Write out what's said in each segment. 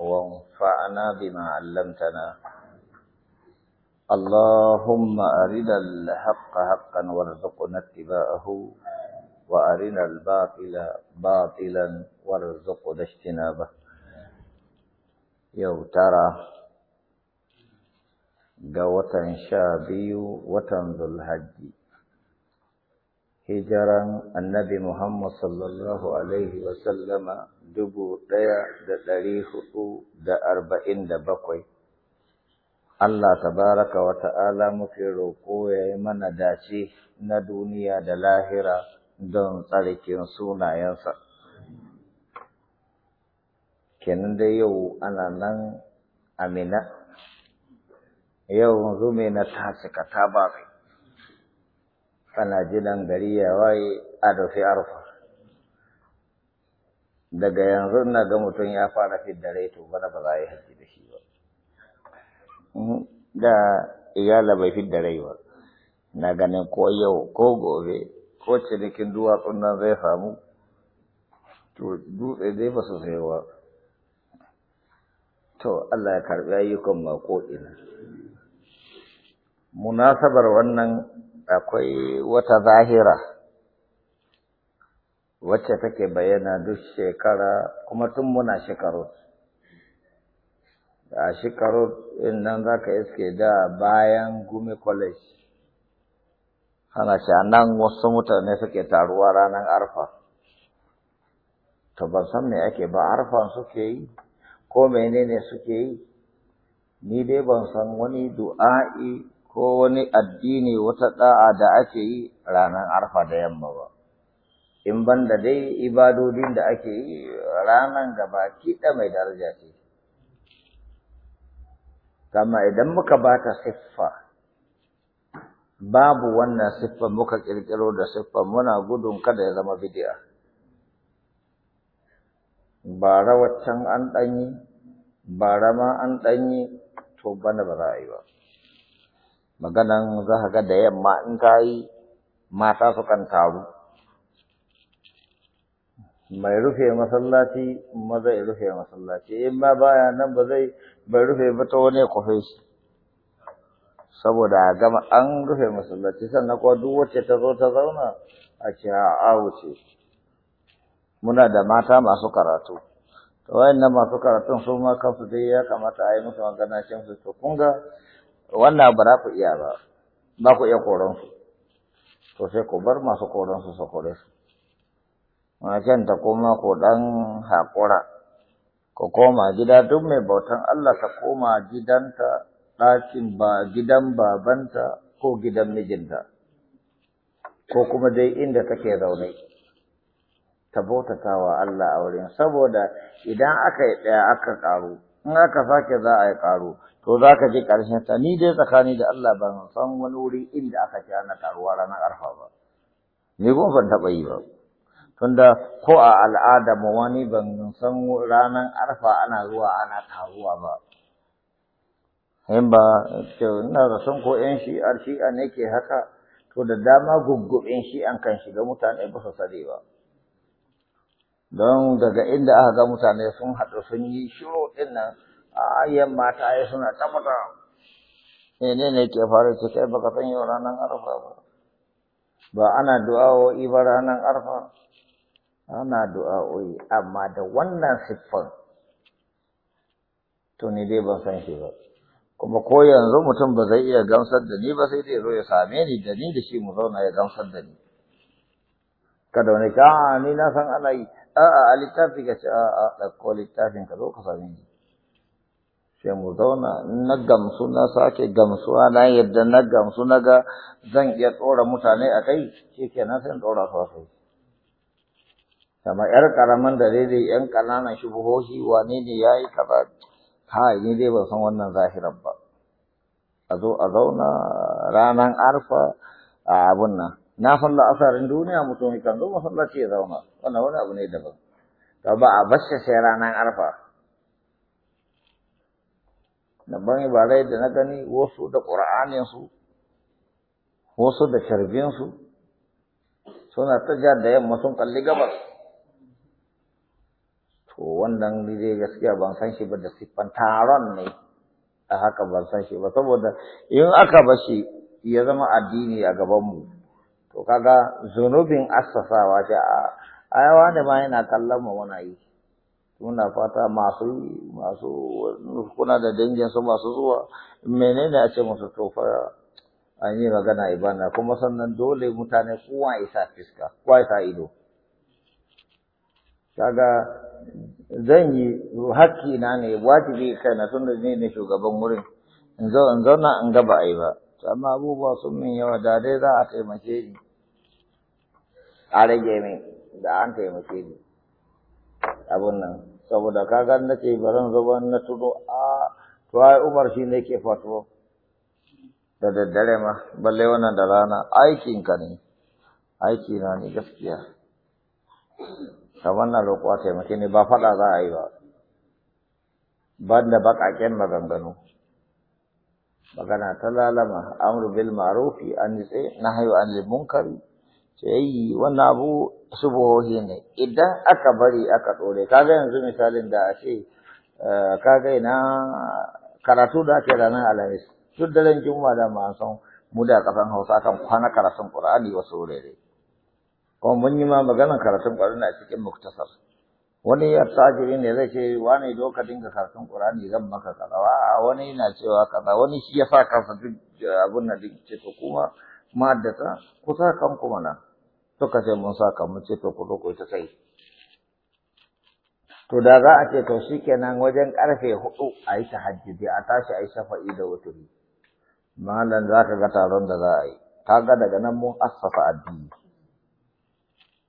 وانفعنا بما علمتنا اللهم أرنا الحق حقا وارزقنا اتباعه وأرنا الباطل باطلا وارزقنا اجتنابه يو ترى قوة شابي وتنذ الهجي hijiran annabi Muhammad sallallahu Alaihi sallama dubu ɗaya da ɗari hudu da arba'in da bakwai. Allah tabaraka wa ta'ala muke roƙo ya yi mana dace na duniya da lahira don tsarkin sunayensa. Kenan da yau ana nan amina, yau zume na ta cika ta ana jiran gari ya waye a rufe arfa daga yanzu na ga mutum ya fara fidda rai to bana ba za a yi haji da shi ba mhm. da iyala bai fidda rai ba na ganin ko yau ko gobe ko cinikin duwatsun nan zai samu to dutse dai ba su to Allah ya karɓi ayyukan ma munasabar wannan akwai wata zahira wacce take bayyana duk shekara kuma tun muna shekaru a shekaru nan za ka iske da bayan gumi college hana shi a nan wasu mutane suke taruwa ranar arfa to ban san me ake ba arfan suke yi ko menene suke yi ni dai ban san wani du'a'i ko wani addini wata da'a da ake yi ranar arfa da yamma ba. In banda dai ibadodin da ake yi ranar gaba kiɗa mai daraja ce. Kama idan muka bata siffa, babu wannan siffan muka ƙirƙiro da siffan muna gudun kada ya zama bidi'a. Bara waccan an ɗanyi, bara ma an ɗanyi, to bana ba za a yi ba. maganan za ka ga da yamma in ka yi mata sukan taru mai rufe masallaci maza ya rufe masallaci in ma baya nan ba zai bai rufe ba ta wani kwafe shi saboda gama an rufe masallaci sannan kuwa duk wacce ta zo ta zauna a ce a wuce muna da mata masu karatu to wayannan masu karatun su ma kansu dai ya kamata a yi musu magana shi su to wannan ba za ku iya ba ba ku iya koronsu to sai ku bar masu koronsu su kore su macen ta kuma ku ɗan haƙura ku koma gida duk mai bautan Allah ta koma gidanta ɗakin ba gidan babanta ko gidan mijinta ko kuma dai inda take zaune ta bautata wa Allah a wurin saboda idan aka yi ɗaya aka ƙaru in aka sake za a yi karo to za ka je ƙarshen ta ni dai tsakani da Allah ban san wani wuri inda aka ci ana karuwa ranar arfa ba ni kuma ban taɓa yi ba tunda ko a al'ada mu wani ban san ranar arfa ana zuwa ana taruwa ba in ba ina da san ko yan shi'ar a ne ke haka to da dama shi an kan shiga mutane ba su sare ba don daga inda aka ga mutane sun haɗu sun yi shiru ɗin nan yan mata ya suna ta ne mene ne ke faru ce kai baka san yau ranar arfa ba ba ana du'a'o'i ba ranar arfa ana du'a'o'i amma da wannan siffan to ni dai ban san shi ba kuma ko yanzu mutum ba zai iya gamsar da ni ba sai dai zo ya same ni da ni da shi mu zauna ya gamsar da ni kada wani ka ah, ni na san ana yi a'a a littafi ka ce a'a ɗauko littafin ka zo ka same ni sai mu zauna na gamsu na sake gamsuwa na yadda na gamsu na ga zan iya tsora mutane a kai shi na sai tsora su a kai kama yar karaman da yan ƙananan shubuhohi wane ne ya yi kaza ha ni dai ban san wannan zahiran ba a zo a zauna ranar arfa a abun nan na falla asarin duniya mutum kan zo masallaci ya zauna wannan wani abu ne daban to ba a bashe sai ranar arfa na ban ibarai da na gani wasu da ƙura'aninsu wasu da sharbinsu suna ta ja da yamma sun kalli gabas to wannan ni dai gaskiya ban san shi ba da siffan taron ne a haka ban san shi ba saboda in aka bashi ya zama addini a gaban mu to kaga zunubin assasawa ce a ayawa da ma yana kallon mu muna yi muna fata masu masu kuna da dangin su masu zuwa menene a ce musu to fa an yi magana ibana kuma sannan dole mutane kowa isa fiska kowa isa ido kaga zan yi hakki na ne wajibi kai na tunda ne ne shugaban wurin in zauna in ga a yi ba amma abubuwa sun min yawa da dai za a taimake ni a rage min da an taimake ni abun nan saboda ka kaga na ce baran zuba na tudu a to ai Umar shi ne ke fatuwa da daddare ma balle wannan da rana aikin ka ne aiki na ne gaskiya kamar na lokuwa taimake ni ba faɗa za a yi ba ban da baƙaƙen maganganu magana ta lalama amru bil ma'rufi an nitse nahyu anil munkari sai wannan abu subuhohi ne idan aka bari aka dore kaga yanzu misalin da a ce eh, kaga ina karatu da ake ranar alhamis duk daren juma'a da ma san mu da kafan hausa kan kwana karatun qur'ani wasu wurare kuma mun yi ma maganar karatun qur'ani a cikin muktasar wani ya attajiri ne zai ce wani zo ka dinga karatun Qur'ani zan maka kaza a wani yana cewa kaza wani shi ya sa kansa duk eh, abun nan duk ce to kuma maddata ku sa kan kuma nan to ka ce mun sa kan mu ce to ku doko ita ta sai to da za a ce to shikenan wajen karfe hudu a yi tahajjud a tashi a yi shafa'i da wuturi malam za ka ga taron da za a yi kaga daga nan mun assafa addini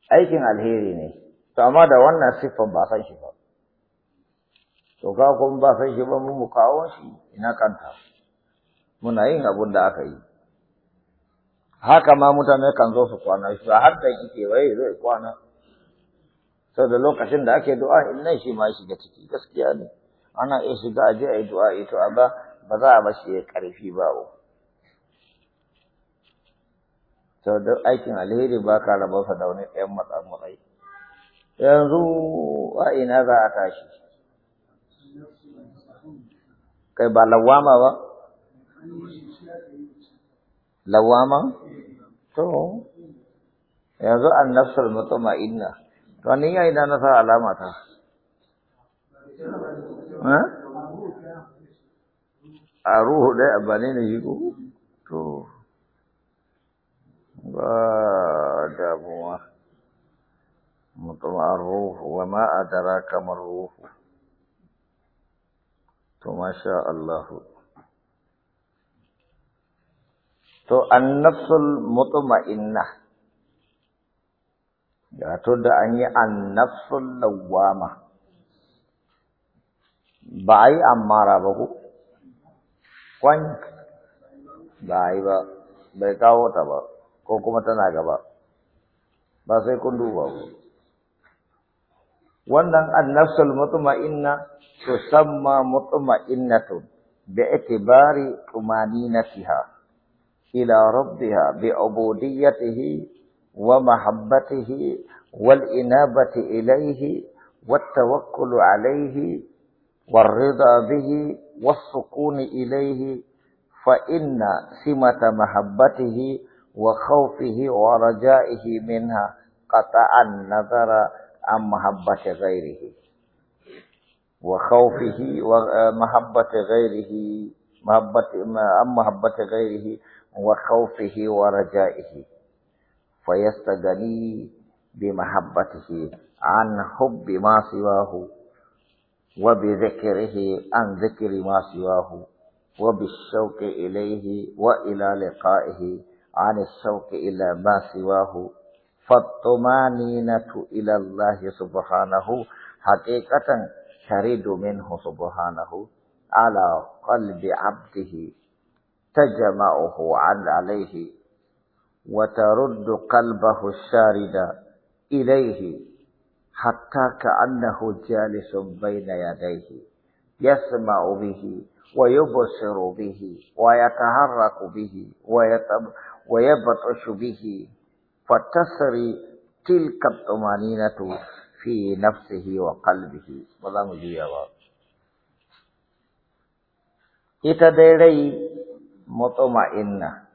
aikin alheri ne to amma da wannan siffan ba san shi ba to ka kuma ba san shi ba mu mu kawo shi ina kanta muna yin abun da aka yi haka ma mutane kan zo su kwana shi ba har da kike wai zai kwana sau da lokacin da ake du'a in nan shi ma shiga ciki gaskiya ne ana iya shiga aje a yi du'a ito eh a ba ba za a ba shi karfi ba o sau da aikin alheri ba ka raba sa da wani ɗayan matsayin matsayi yanzu a ina za a tashi kai ba lawama ba lawama to yanzu an nasar mutuma inna to ni ya ina na sa alama ta a ruhu dai abane ne shi ko to ba damuwa مطمع الروح وما أدراك ما to masha Allah to annafsul mutma'inna ga to da an yi annafsul lawama ba ai amara ba ku kwan ba ai ba bai kawo ta ba ko kuma tana gaba ba sai kun duba ba. wannan annasul mutma'inna tusamma mutma'innatun bi'tibari tumaninatiha ila rabbiha bi'ubudiyatihi wa mahabbatihi wal inabati ilayhi wat tawakkul alayhi bihi was sukun ilayhi fa inna simata mahabbatihi wa khawfihi wa rajaihi minha qata'an nazara عن محبة غيره وخوفه ومحبة آه، غيره محبة عن محبة غيره وخوفه ورجائه فيستغني بمحبته عن حب ما سواه وبذكره عن ذكر ما سواه وبالشوق إليه وإلى لقائه عن الشوق إلى ما سواه فالطمانينة إلى الله سبحانه حقيقة شَرِدُ منه سبحانه على قلب عبده تجمعه عن عليه وترد قلبه الشارد إليه حتى كأنه جالس بين يديه يسمع به ويبصر به ويتحرك به ويبطش به fatasari tilka tumaninatu fi nafsihi wa qalbihi ba za mu juya ba ita dai rai matsuma'inna.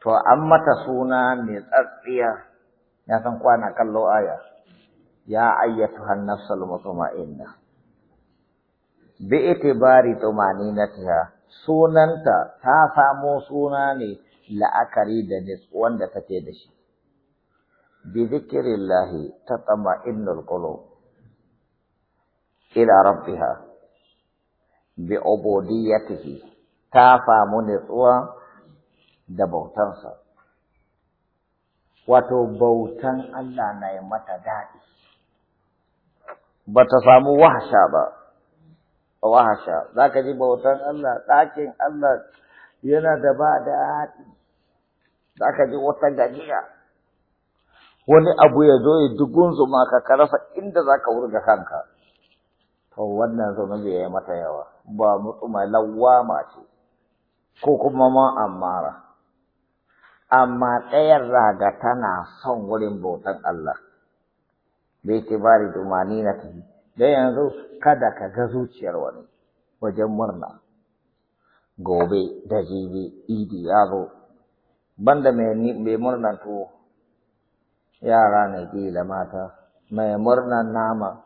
to an mata suna mai tsatsiya ya san kwana kallo aya ya ayyatuhan nafsul mutuma'inna bi itibari tumaninatiha sunanta ta samo suna ne la'akari da nutsuwan da take da shi bi zikrillahi tatma'innul qulub ila rabbiha bi ubudiyyatihi ta famu nutsuwa da bautansa wato bautan Allah na yi mata daɗi ba ta samu wahasha ba wahasha za ka ji bautan Allah ɗakin Allah yana da ba daɗi za ka ji wata gajiya wani abu ya zo ya dugun zuma ka ka rasa inda za ka wurga kanka to wannan zunubi ya yi mata yawa ba mutu mai lawama ce ko kuma ma amara amma ɗayan raga tana son wurin bautan Allah da yake bari dumani na tafi da yanzu kada ka ga zuciyar wani wajen murna gobe da jibi idi ya zo banda mai murnan tuwo yara ne da mata mai murnan nama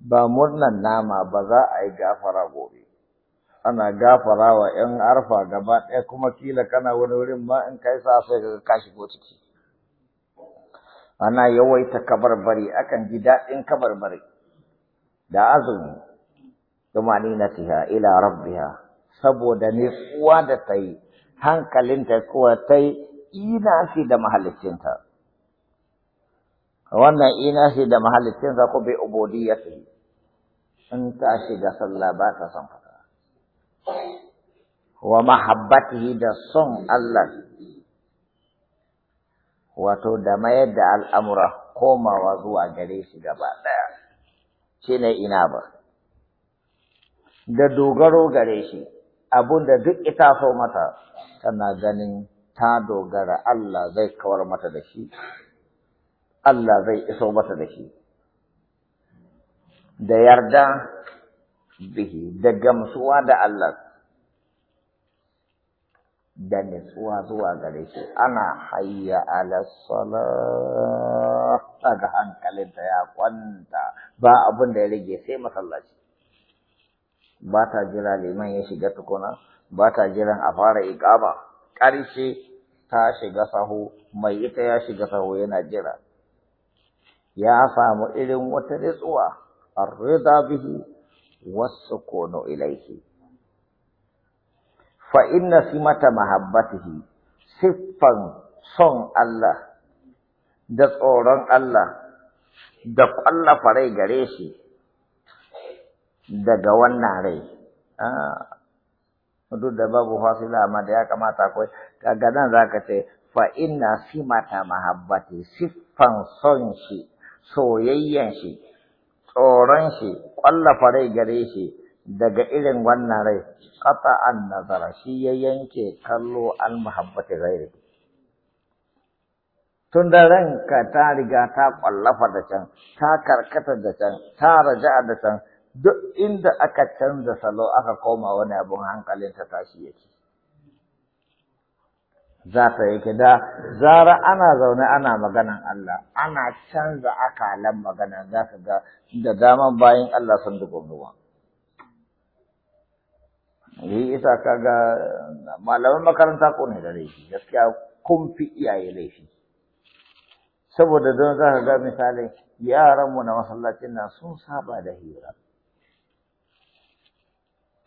ba murnan nama ba za a yi gafara gobe ana gafara wa ‘yan arfa gaba ɗaya kuma kila kana wani wurin ma in kai sa sai ka kashi ko ciki ana yawaita kabarbari akan ji daɗin kabarbari da azumi na tiha ila rabbiha saboda uwa da ta yi hankalinta kuwa ta yi inafi da mahaliccinta. Wannan inafi da mahalicinta ko bai ya fi, in ta shiga sallah ba ta son fata. Wa mahabbatihi da son Allah wato da mayar da al'amura komawa zuwa gare shi gaba ɗaya, shi ina ba, da dogaro gare shi. abun da duk ita so mata tana ganin ta dogara Allah zai kawar mata da shi Allah zai iso mata da shi da yarda bihi da gamsuwa da Allah da nutsuwa zuwa gare shi ana hayya ala sala daga hankalinta ya kwanta ba abin da ya rage sai masallaci ba ta jira liman ya shiga tukuna ba ta jiran a fara iƙama ƙarshe ta shiga sahu mai ita ya shiga sahu yana jira ya samu irin wata ritsuwa arrida bihi wasu kono ilaihi fa inna simata mahabbatihi siffan son Allah da tsoron Allah da ƙwallafa rai gare shi daga wannan rai ah, duk da babu fasila amma da ya kamata akwai kaga nan za ka ce fa inna simata mahabbati siffan son shi soyayyan shi tsoron shi ƙwallafa rai gare shi daga irin wannan rai kata an nazara shi ya yanke kallo an mahabbati gairi tun da ranka ta riga ta ƙwallafa da can ta karkata da can ta raja'a da can duk inda aka canza salo aka koma wani abun hankalin ta tashi yake za ta yake da zara ana zaune ana maganan Allah ana canza akalan magana za ka ga da dama bayan Allah sun dubo ruwa yi isa ga malaman makaranta ko ne da laifi gaskiya kun fi iyaye laifi saboda don za ka ga misali yaranmu na masallacin nan sun saba da hira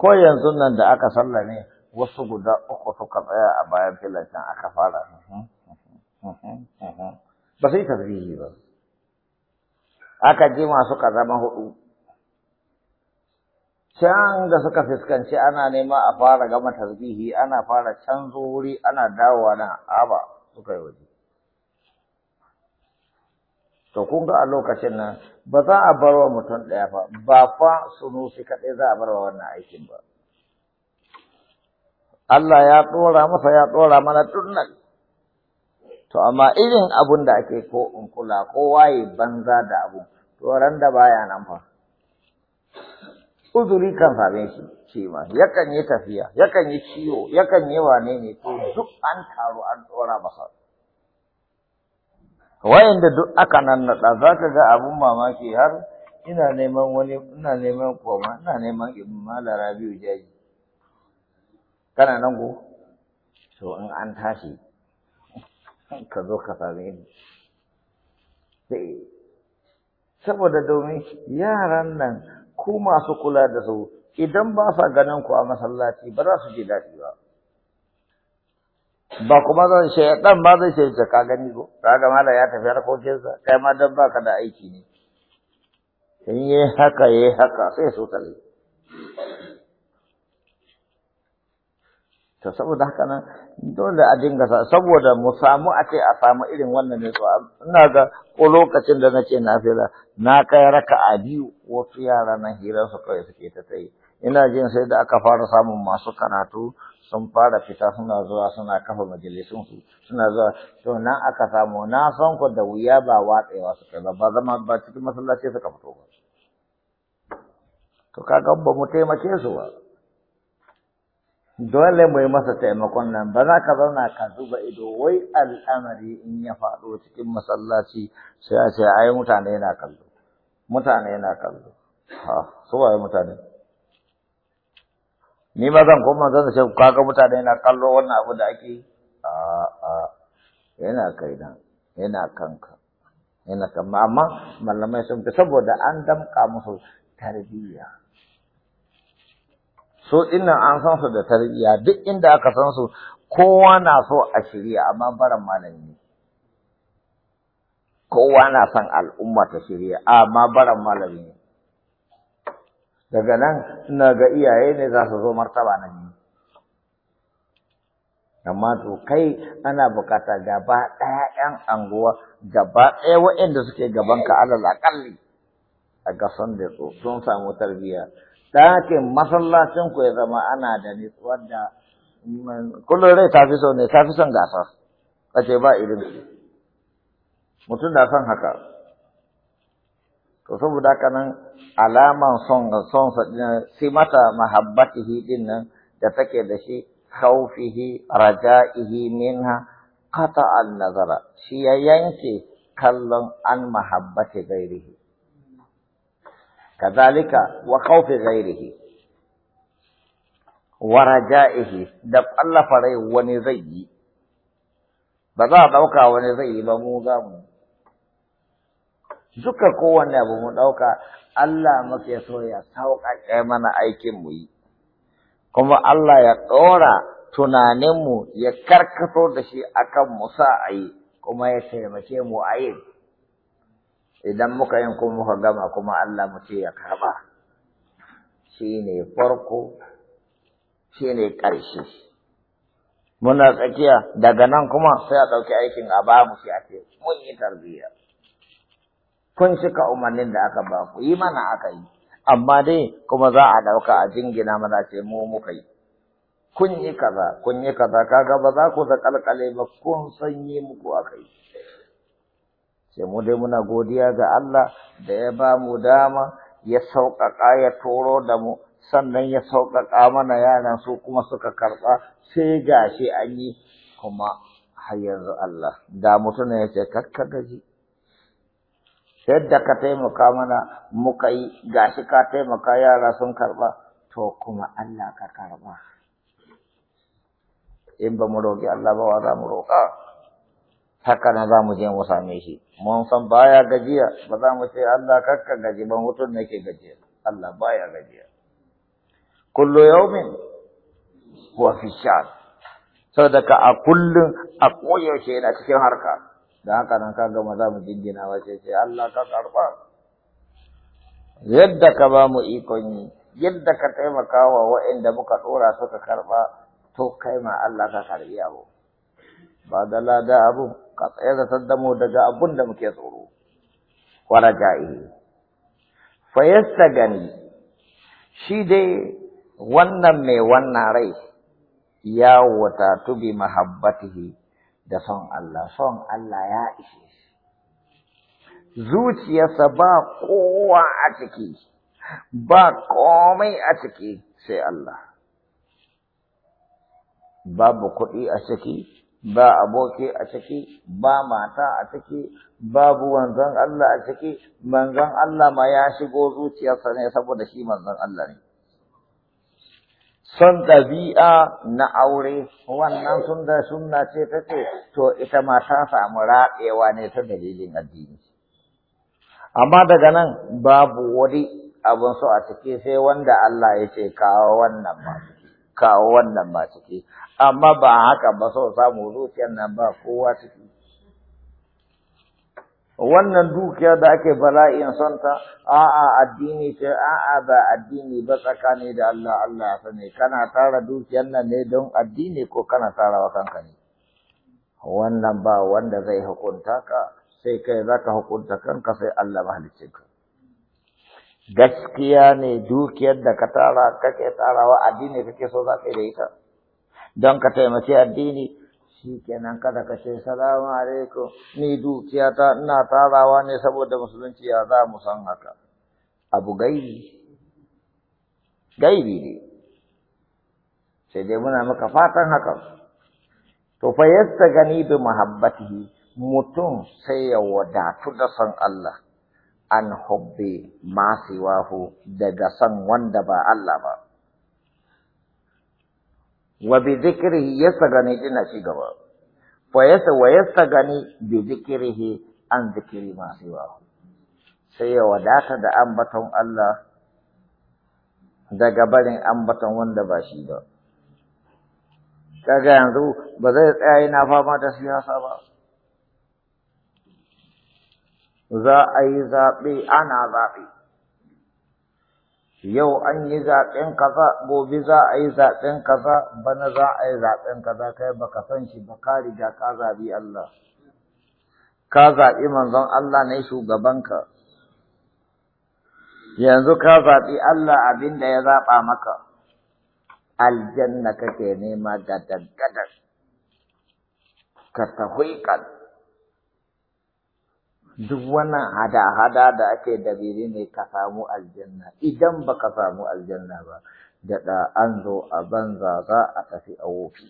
ko yanzu nan da aka sallame wasu guda uku suka tsaya a bayan filancin aka fara ba su yi tasbihi ba aka ji masu kazama hudu can da suka fuskanci ana nema a fara gama tasbihi ana fara canzo wuri ana dawowa na aba suka yi waje To kun ga a lokacin nan ba za a bar wa mutum ɗaya ba, ba fa sunusi kaɗai za a bar wa wannan aikin ba. Allah ya ɗora masa ya ɗora mana tunan. To amma irin abun da ake ko in kula ko waye banza da abu, to ran da baya nan fa. Uzuri kan same shi shi ma, yakan yi tafiya, yakan yi ciwo, yakan yi wane ne, to duk an taru an ɗora masa. wayanda duk aka nannaɗa za ka ga abun mamaki har ina neman wani ina neman koma ina neman ibn mala rabiu jaji kana nan go to in an tashi ka zo ka same ni sai saboda domin yaran nan ku masu kula da su idan ba sa ganin ku a masallaci ba za su ji daɗi ba ba kuma zan ɗan ba zai ce ka gani ko ga mala ya tafi harkokinsa kai ma dan baka da aiki ne in yi haka yi haka sai so tare to saboda haka nan dole a dinga sa saboda mu samu a ce a samu irin wannan ne so ina ga ko lokacin da nace na fira na kai raka a biyu wasu yara na hirar su kawai suke ta ta'i, ina jin sai da aka fara samun masu karatu sun fara fita suna zuwa suna kafa majalisunsu suna zuwa to nan aka samu na san ku da wuya ba watsewa suka ba ba zama ba cikin masallaci suka fito ba to kaga ba mu taimake su ba dole mu yi masa taimakon nan ba za ka zauna ka zuba ido wai al'amari in ya faɗo cikin masallaci sai a ce ai mutane na kallo mutane na kallo ha su waye mutane ni ma zan koma zan ce kaga mutane na kallo wannan abu da ake a a yana kai nan yana kanka yana kan amma malamai sun fi saboda an damka musu tarbiyya so dinnan an san su da tarbiyya duk inda aka san su kowa na so a shirya amma baran malami kowa na son al'umma ta shirya amma baran malami daga nan ina ga iyaye ne za su zo martaba na amma to kai ana bukata gaba ɗaya ƴan anguwa gaba ɗaya waɗanda suke gaban ka alal aƙalli a gasan da su sun samu tarbiyya ɗakin masallacin ku ya zama ana da ni wanda mm, kullum rai tafi so ne tafi son gasa kace ba irin mutum da son haka to saboda haka nan alaman son son sai mata mahabbatihi din nan da take da shi khawfihi raja'ihi minha qata an-nazara shi ya yanke kallon an mahabbati gairihi kadalika wa khawfi gairihi wa raja'ihi da Allah farai wani zai yi ba za a dauka wani zai yi ba mu ga mu duka kowanne abu mu ɗauka Allah muke so ya sauƙaƙe mana aikin mu yi kuma Allah ya tunanin mu ya karkato da shi akan mu sa ayi kuma ya taimake mu a idan muka yin kuma muka gama kuma Allah mu ce ya karɓa shi farko shi ne ƙarshe muna tsakiya daga nan kuma sai a ɗauki aikin a ba mu shi a ce mun yi tarbiyya kun cika umarnin da aka ba ku yi mana aka yi amma dai kuma za a ɗauka a jingina mana ce mu muka yi kun yi kaza kun yi kaza kaga ba za ku zakalkale ba kun yi muku aka yi sai mu dai muna godiya ga Allah da ya ba mu dama ya sauƙaƙa ya toro da mu sannan ya sauƙaƙa mana yaran su kuma suka karɓa sai gashi an yi kuma har yanzu Allah da mutum ya ce kakka gaji da ka taimaka mana muka yi gashi ka taimaka yara sun karba to kuma Allah ka karba in ba mu roƙi Allah ba wa za mu roƙa haka na za mu je mu same shi mun san baya gajiya ba za mu ce Allah kakka gaji ban hutun nake gajiya Allah baya gajiya kullu yawmin huwa fi sha'r sadaka a kullum a koyaushe yana cikin harka da haka nan ka gama za mu jingina wace ce Allah ka karɓa yadda ka ba mu ikon yi yadda ka taimaka wa wa'inda muka ɗora suka karba to kai ma Allah ka karɓi abu ba da lada abu ka tsayar da saddamo daga abun da muke tsoro wa raja'ihi fa gani shi dai wannan mai wannan rai ya wata tubi mahabbatihi da son Allah son Allah ya ishe shi zuciyarsa ba kowa a ciki ba komai a ciki sai Allah babu kuɗi a ciki ba aboki a ciki, ba mata a ciki, babu wanzan Allah a ciki, manzan Allah ma ya shigo zuciyarsa ne saboda shi manzan Allah ne. son ɗabi'a na aure wannan sun da sunna ce ta ce to ita ma ta samu raɗewa ne ta dalilin addini amma daga nan babu wani abin so a ciki sai wanda Allah ya ce kawo wannan ciki, kawo wannan ba ciki amma ba haka ba so samu zuciyar nan ba kowa ciki wannan dukiya da ake bala'in santa a'a addini ce a'a ba addini ba tsakani da Allah Allah ya sani kana tara dukiyar nan ne don addini ko kana tara wa kanka ne wannan ba wanda zai hukunta ka sai kai zaka hukunta kanka sai Allah ka. gaskiya ne dukiyar da ka tara kake tarawa addini kake so za ka yi da ita don ka taimaki addini shikenan kenan kada ka ce salamu alaikum ni na ina tarawa ne saboda musulunci ya za mu san haka abu gaibi gaibi ne sai dai muna maka fatan haka to fa yasta gani bi muhabbatihi mutum sai ya wadatu da san Allah an hubbi ma siwahu daga san wanda ba Allah ba wa bi zikrihi yastagani ina ci gaba fa sa wa yastagani bi zikrihi an zikiri ma siwa sai ya wadata da ambaton Allah daga barin ambaton wanda ba shi ba kaga yanzu ba zai tsaya yana fama da siyasa ba za a yi zaɓe ana zaɓe yau an yi zaɓen kaza gobe za a yi zaɓen kaza bana za a yi zaɓen kaza kai baka san shi ba ka riga ka zaɓi Allah ka zaɓi manzon Allah ne shugabanka yanzu ka zaɓi Allah abin da ya zaɓa maka aljanna kake nema da gadan ka tafi duk wannan hada-hada da ake dabiri ne ka samu aljanna idan ba ka samu aljanna ba da da an zo a banza za a tafi a wofi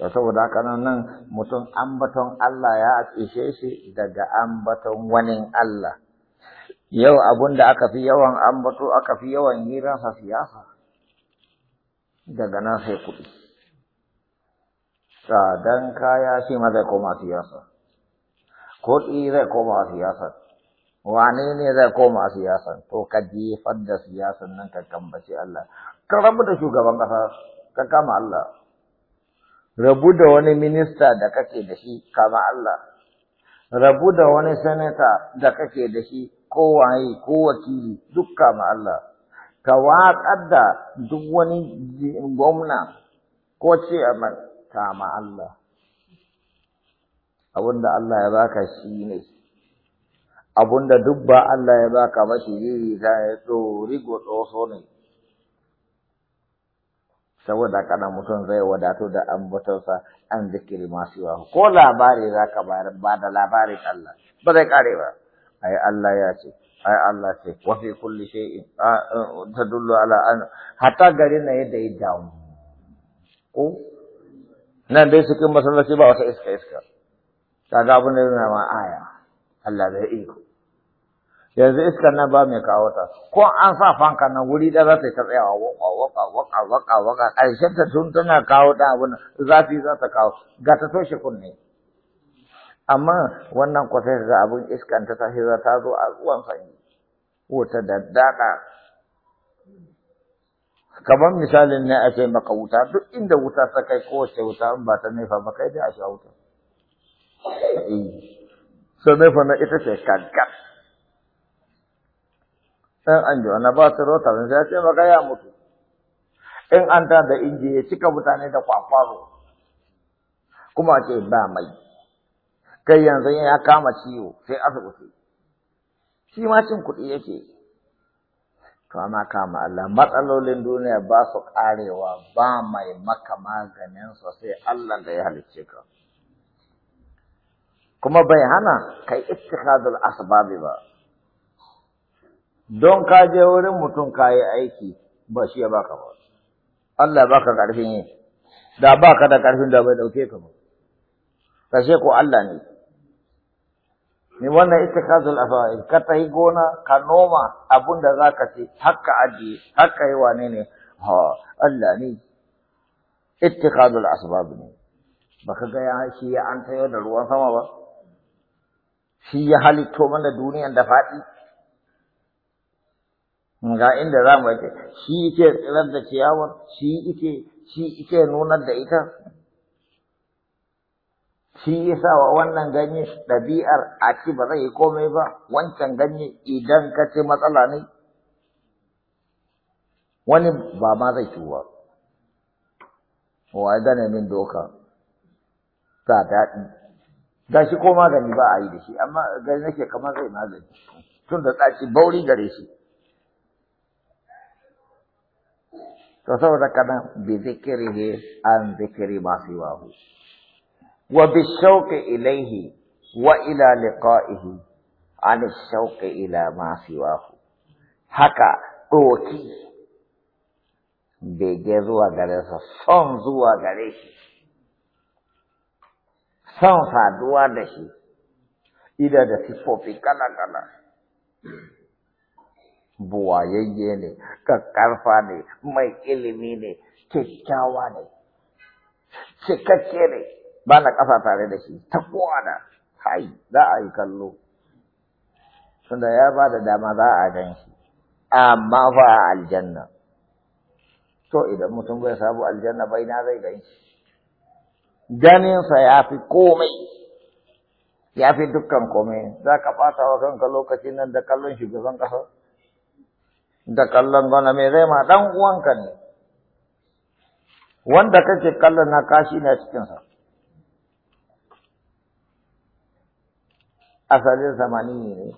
da saboda haka nan mutum ambaton Allah ya ishe shi daga ambaton wani Allah yau abun da aka fi yawan ambato aka fi yawan sa siyasa daga nan sai kuɗi tsadan kaya shi ma zai koma siyasa ko zai koma a siyasar wane ne zai koma a siyasar to ka jefar da siyasar nan ka kambaci Allah ka rabu da shugaban ƙasa ka kama Allah rabu da wani minista da kake da shi kama Allah rabu da wani sanata da kake da shi ko waye ko wakili duk kama Allah ka watsar da duk wani gwamna ko ce kama Allah abunda Allah ya baka shi ne abunda duk ba Allah ya baka ba shi ne ta ya tsori gotsoso ne saboda kana mutum zai wadato da ambatonsa an zikiri masu yawa ko labari za ka bayar ba da labari Allah ba zai kare ba ai Allah ya ce ai Allah ce wa fi kulli shay'in tadullu ala an hatta gari na yadda ya dawo ko nan dai cikin masallaci ba wata iska iska kaga abin da yana ma aya Allah zai iko yanzu iskar nan ba mai kawo ta ko an sa fanka na wuri da za ta yi ta tsayawa waka waka waka waka waka ƙarshen ta tun tana kawo ta abin zafi za ta kawo ga ta toshe kunne amma wannan kwasai ga abin iskan ta tashi za ta zo a ruwan sanyi wata daddaka kamar misalin ne a ce maka wuta duk inda wuta ta kai kowace wuta in ba ta nefa ba kai dai a sha wuta Sannan fa na ita ce kankan. Ɗan an ji wani ba su rota ne sai ce maka ya mutu. In an ta da inji ya cika mutane da kwakwaro. Kuma ce ba mai. Kai yanzu ya kama ciwo sai asibiti. Shi ma cin kuɗi yake. To amma kama Allah matsalolin duniya ba su ƙarewa ba mai maka maganin sosai Allah da ya halicce ka. kuma bai hana kai ittikhadul asbabi ba don ka je wurin mutum ka yi aiki ba shi ya baka ba Allah ya baka karfin yi da baka da karfin da bai dauke ka ba kashe ko Allah ne ni wannan ittikhadul asbabi ka yi gona ka noma abunda da zaka ce, hakka ajiye hakka yi wane ne ha Allah ne ittikhadul asbab ne baka ga ya shi ya an tayo da ruwan sama ba shi ya halitto mana duniyan da faɗi ga inda za mu ce shi yake tsirar da ciyawar shi yake shi yake nunar da ita shi yasa wa wannan ganye ɗabi'ar a ci ba zai yi komai ba wancan ganye idan ka ce matsala ne wani ba ma zai ciwa wa dana min doka Sa daɗi ga shi ko magani ba a yi da shi amma gari nake kamar zai magani tun da tsaci bauri gare shi to saboda kana bi zikirihi an zikri ma wahu wa bi shauqi ilaihi wa ila liqa'ihi an shauqi ila ma wahu haka doki bege zuwa gare sa son zuwa gare shi son saduwa da shi ida da siffofi kala-kala buwayayye ne kakkarfa ne mai ilimi ne kyakkyawa ne cikakke ne ba na ƙasa tare da shi ta da. hai za a yi kallo Sunda ya ba da dama za a gan shi amma ba a aljanna to idan mutum bai sabu aljanna bai na zai gan shi ganinsa ya fi komai ya fi dukkan komai za ka ɓata wa kanka lokacin nan da kallon shugaban ƙasa da kallon gona mai zai ma ɗan uwanka ne wanda kake kallon na kashi na cikinsa Asalin maniyi ne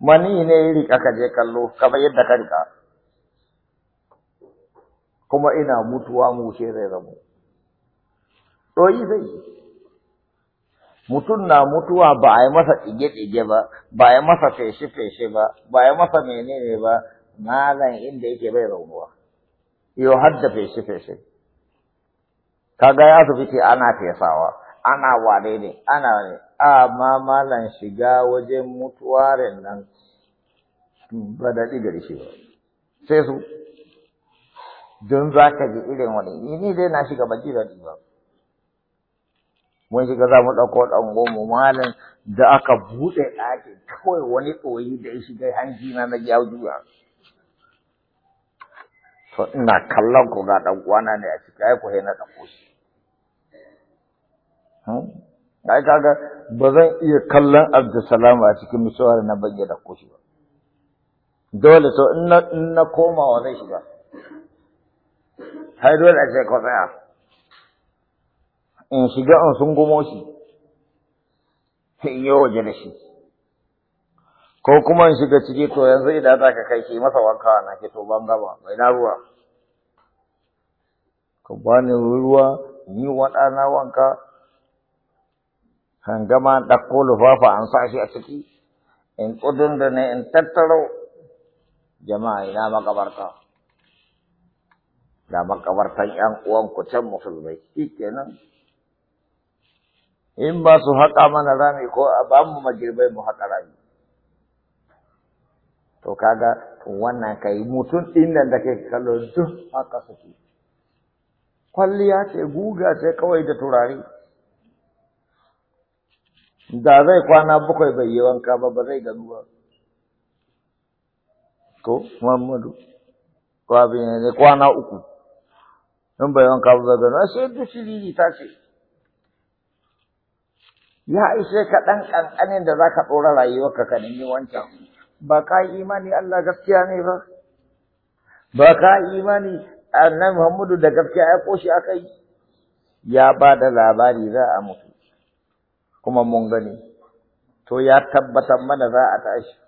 mani ne ya riƙa je kallo kamar yadda ka kuma ina mutuwa mushe zai zama. ɗoyi zai yi mutum na mutuwa ba a yi masa ɗige-ɗige ba ba a yi masa feshe-feshe ba ba a yi masa menene ba malam inda yake bai raunuwa yau har da feshe-feshe kaga ya asibiti ana fesawa ana wane ne ana ne amma malam shiga wajen mutuwarin nan ba da gari shi ba sai su don za ka ji irin wani ni dai na shiga ban ji daɗi ba mun shiga za mu ɗauko ɗan goma malam da aka buɗe ɗaki kawai wani ɗoyi da ya shiga hanji na na jawo juya. To ina kallon ku ga ɗan uwana ne a ciki ai ku sai na ɗauko shi. Hmm? Ai kaga ba zan iya kallon Abdulsalam a cikin mishawar na ban ya ɗauko shi ba. Dole to in na komawa zai shiga. Hai dole a ce ko tsaya. in shiga in gumo shi sai in yi waje da shi ko kuma in shiga ciki to yanzu idan za ka kai shi masa wanka na ke to ban gaba mai na ruwa ka bani ruwa yi waɗa na wanka hangama ɗakko lufafa an sa shi a ciki in ƙudun da ne in tattaro jama'a ina makabarta da makabartan ƴan uwanku can musulmai shi kenan in ba su haƙa mana rami ko a ba mu magirbai mu haƙa rami to kaga wannan kai mutum ɗin da ke kallo duk haka suke kwalliya ce guga ce kawai da turare da zai kwana bakwai bai yi wanka ba ba zai ganu ba ko muhammadu ko abin ne kwana uku in bai wanka ba zai ganu sai duk shiriri ta ce ya ishe ka ɗan ƙanƙanin da za ka ɗora rayuwarka ka nemi wancan ba ka imani Allah gaskiya ne ba ba ka imani annabi Muhammadu da gaskiya ya koshi akai ya ba da labari za a mutu kuma mun gani to ya tabbatar mana za a tashi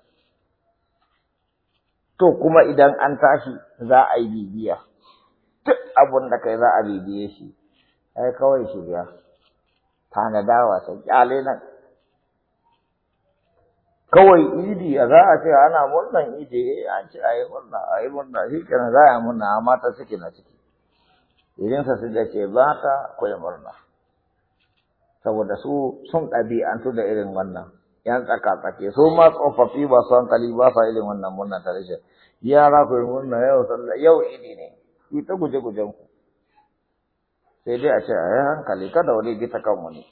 to kuma idan an tashi za a yi bibiya duk abun da kai za a bibiye shi ai kawai shi biya. Tanada wasan kyale nan kawai idi a za a ce ana murnan idi eh, an ce yi murna yi murna shi kenan za a murna amma ta suke na ciki idan sa da ce ba ta koyi murna saboda su sun ɗabi'antu da irin wannan yan tsaka-tsake su ma tsofaffi ba su hankali ba sa irin wannan murna ta rashin yara ku yi murna yau sallah yau idi ne ku ta guje-gujen ku sai dai a ce a yi hankali kada wani bi ta kan wani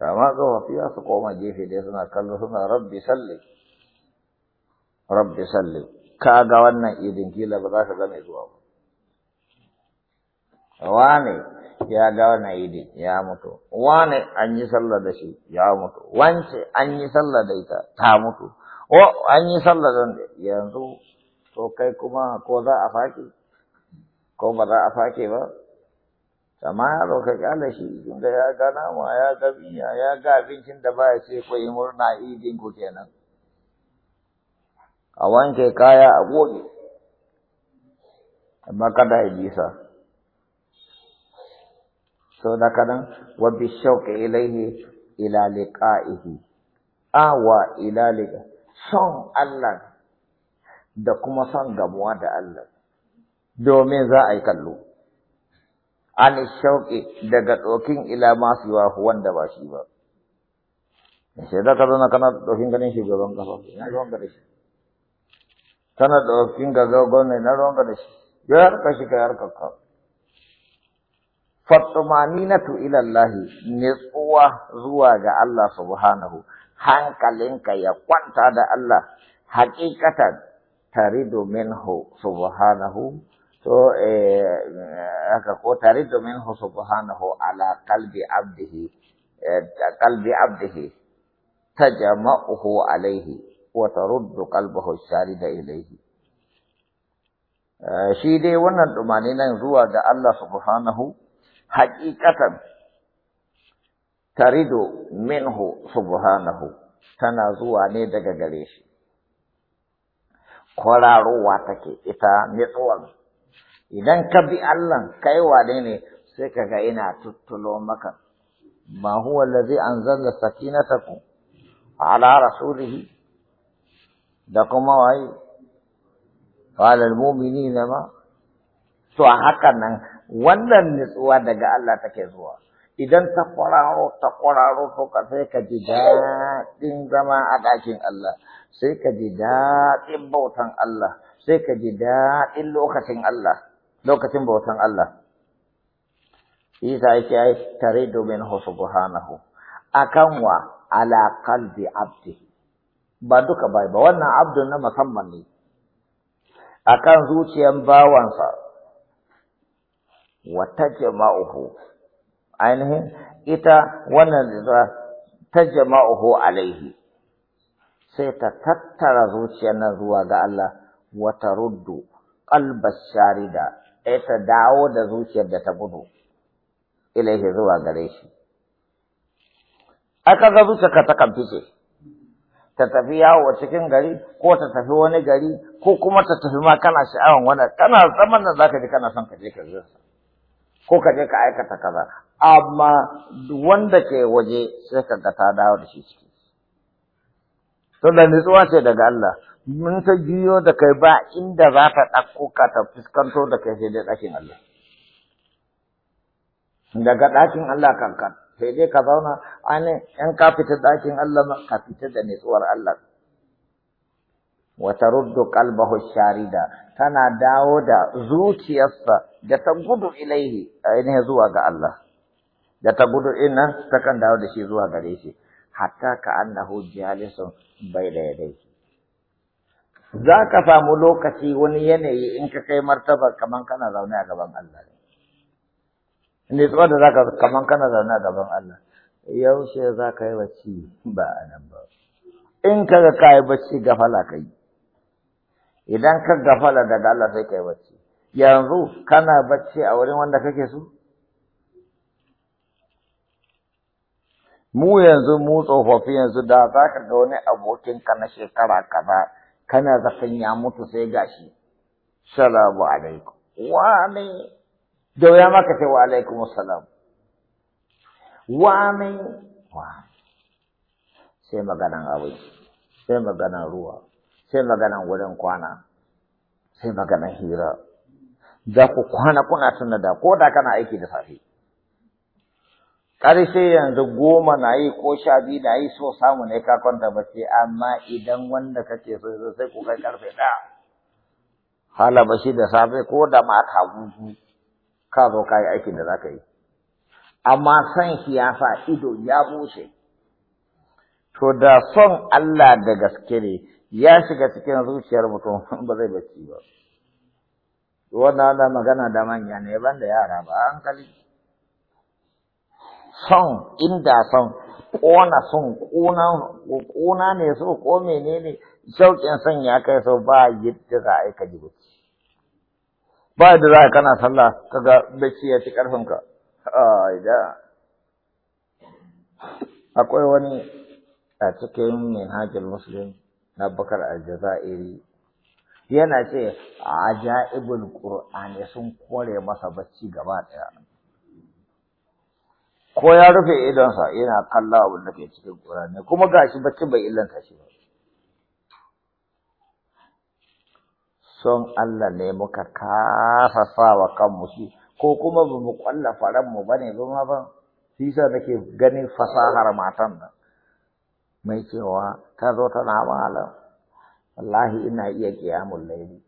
amma wafiya su koma gefe dai suna kallo suna rabbi salli rabbi salli ka ga wannan idin kila ba za ka ga mai zuwa ba wane ya ga wannan idin ya mutu wane an yi sallah da shi ya mutu wance an yi sallah da ita ta mutu o an yi sallah da yanzu to kai kuma ko za a faki ko ba za a faki ba amma ya ka kyale shi tunda ya ga nama ya ga miya ya ga abincin da ba sai ku yi murna idin ku kenan a wanke kaya a goge amma kada ya jisa So da kadan wa bi shauƙi ilaihi ila liqa'ihi awa ila son Allah da kuma son gamuwa da Allah domin za a yi kallo an shauƙi daga ɗokin ila masu yawa wanda ba shi ba sai da ka zauna kana ɗokin ganin shugaban kafa ina ruwan ga shi kana ɗokin ga ne ina ruwan ga da shi ya harka shi ka harka ka fattumaninatu ila Allah nitsuwa zuwa ga Allah subhanahu hankalinka ya kwanta da Allah hakikatan taridu minhu subhanahu to eh, aka ko tare da min subhanahu ala qalbi abdihi eh, qalbi abdihi tajma'uhu alaihi wa taruddu qalbuhu sharida ilaihi eh, shi dai wannan dumani nan zuwa ga Allah subhanahu haqiqatan tarido minhu subhanahu tana zuwa ne daga gare shi kwararowa take ita nitsuwar idan ka bi Allah kai wane ne sai ka ga ina tuttulo maka ma huwa allazi anzala sakinatakum ala rasulihi da kuma wai qala almu'minina ma to haka nan wannan nutsuwa daga Allah take zuwa idan ta kwararo ta kwararo to ka sai ka ji daɗin zama a ɗakin Allah sai ka ji daɗin bautan Allah sai ka ji daɗin lokacin Allah lokacin bautan Allah isa yake ai tare domin A kan wa ala qalbi abdi, ba duka bai ba wannan abdun na musamman ne kan zuciyan bawansa wa tajma'uhu ainihin ita wannan tajma'uhu alaihi sai ta tattara zuciyan nan zuwa ga Allah wata ruddu qalbas sharida sai eh, ta dawo da zuciyar da ta gudu ilaihi zuwa gare shi aka ga zuciyarka ta kan fice ta tafi yawo cikin gari ko ta tafi wani gari ko kuma ta tafi ma kana sha'awan wani kana zaman nan zaka ji kana son ka je ka ziyarta ko ka je ka aikata kaza amma wanda ke waje sai ka ga ta dawo da shi ciki to da nutsuwa ce daga Allah mun ta juyo da kai ba inda za ta ɗauko ka ta fuskanto da kai sai dai ɗakin Allah. Daga ɗakin Allah kankan, sai dai ka zauna ainihin ‘yan ka fita ɗakin Allah ma ka fita da nutsuwar Allah. Wata ruddu kalbahu sharida tana dawo da zuciyarsa da ta gudu ilaihi ainihin zuwa ga Allah. Da ta gudu ina ta kan dawo da shi zuwa gare shi, hatta ka annahu jalisun bai da yadai. za ka samu lokaci wani yanayi in ka kai martaba kaman kana zaune a gaban Allah ne ne tsawon da ka kaman kana zaune a gaban Allah yaushe za ka yi bacci ba a nan ba in ka ga ka yi bacci gafala ka yi idan ka gafala daga Allah sai ka yi bacci yanzu kana bacci a wurin wanda kake so mu yanzu mu tsofaffi yanzu da za ka ga wani abokinka na shekara kaza kana zaton ya mutu sai gashi salamu alaikum wane ya maka ce wa alaikum salam wane wa sai maganan abinci sai maganan ruwa sai maganan wurin kwana sai maganan hira za ku kwana kuna tuna da ko da kana aiki da safe ƙarshe yanzu goma na yi ko sha biyu na yi so samu ne ka kwanta amma idan wanda kake so yanzu sai ku kai karfe ɗaya hala shi da safe ko da ma ka gugu ka zo ka yi aikin da za ka yi amma son shi ya sa ido ya bushe to da son Allah da gaske ne ya shiga cikin zuciyar mutum ba zai bacci ba wannan ana magana da manya ne ban da yara ba hankali son inda son ƙona son ƙona ne so ko ne, shauƙin son ya kai so ba yadda za a yi ka ji bacci ba da za kana sallah ga bacci ya ci ƙarfin ka da akwai wani a cikin hajjar muslim na bakar aljazairi yana ce ajaibul qur'ani sun kore masa bacci gaba ɗaya ko ya rufe idonsa yana kalla abin da ke cikin ƙurani kuma ga shi bacci bai illanta shi ba son Allah ne muka kasa sa wa kanmu shi ko kuma ba mu kwalla faranmu ba ne ba ma ba shi sa nake ganin fasahar matan nan mai cewa ta zo tana malam wallahi ina iya qiyamul laili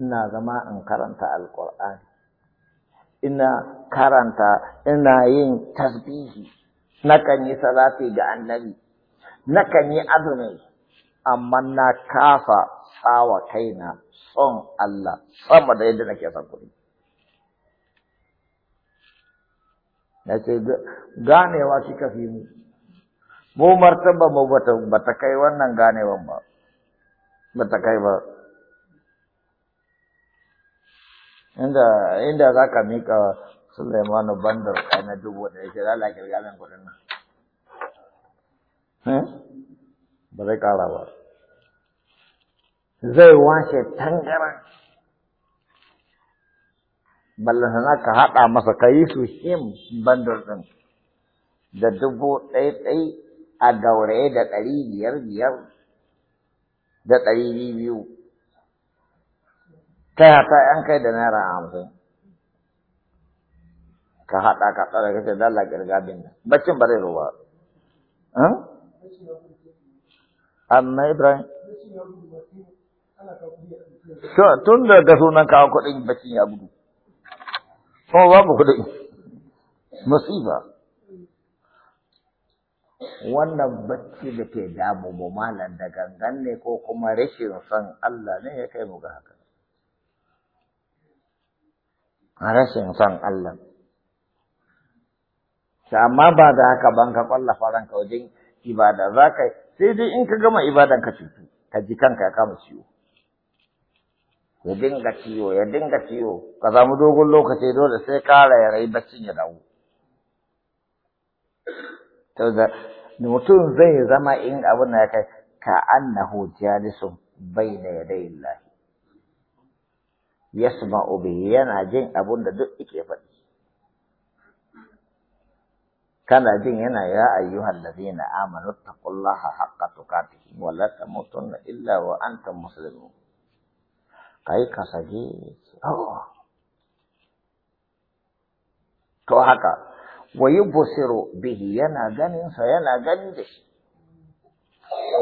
ina zama in karanta alƙur'ani ina karanta ina yin tasbihi nakan yi salati ga annabi nakan yi azumi amma na kafa tsawa kaina son Allah sama da yadda nake son kuɗi na ce ganewa shi fi mu mu martaba mu bata kai wannan ganewan ba bata kai ba inda inda za ka miƙa Sulaimanu bandar na dubu da yake za a kirga gamin kuɗin nan. Eh? Ba zai ƙara ba. Zai washe tangaran. sana ka haɗa masa ka yi su him bandar ɗin da dubu ɗai-ɗai a gauraye da ɗari biyar biyar da ɗari biyu. ta yata an kai da naira hamsin ka haɗa ka tsara ka ce dalla girgabin nan baccin ba zai zo amma ibrahim to tun da ga sunan kawo kuɗin baccin ya gudu kuma babu kuɗin musiba wannan bacci da ke damu mu malam da gangan ne ko kuma rashin son Allah ne ya kai mu ga haka A rashin son Allah. Amma ba da haka ban ka ƙwalla ka wajen ibada za ka sai dai in ka gama ibadan ka cutu, ka ji kanka ya kama ciwo. Ya dinga ciwo, ya dinga ciwo, ka samu dogon lokaci dole sai ya rai baccin ya dawo. mutum zai zama in abin da ya kai ka annahu jalisun dai lafi yasma'u bihi yana jin abun da duk yake faɗi kana jin yana ya ayyuhal ladina amanu taqullaha haqqa tuqatih wa la tamutunna illa wa antum muslimun kai ka sage oh. to haka wa busiro bihi yana ganin sa yana gani da shi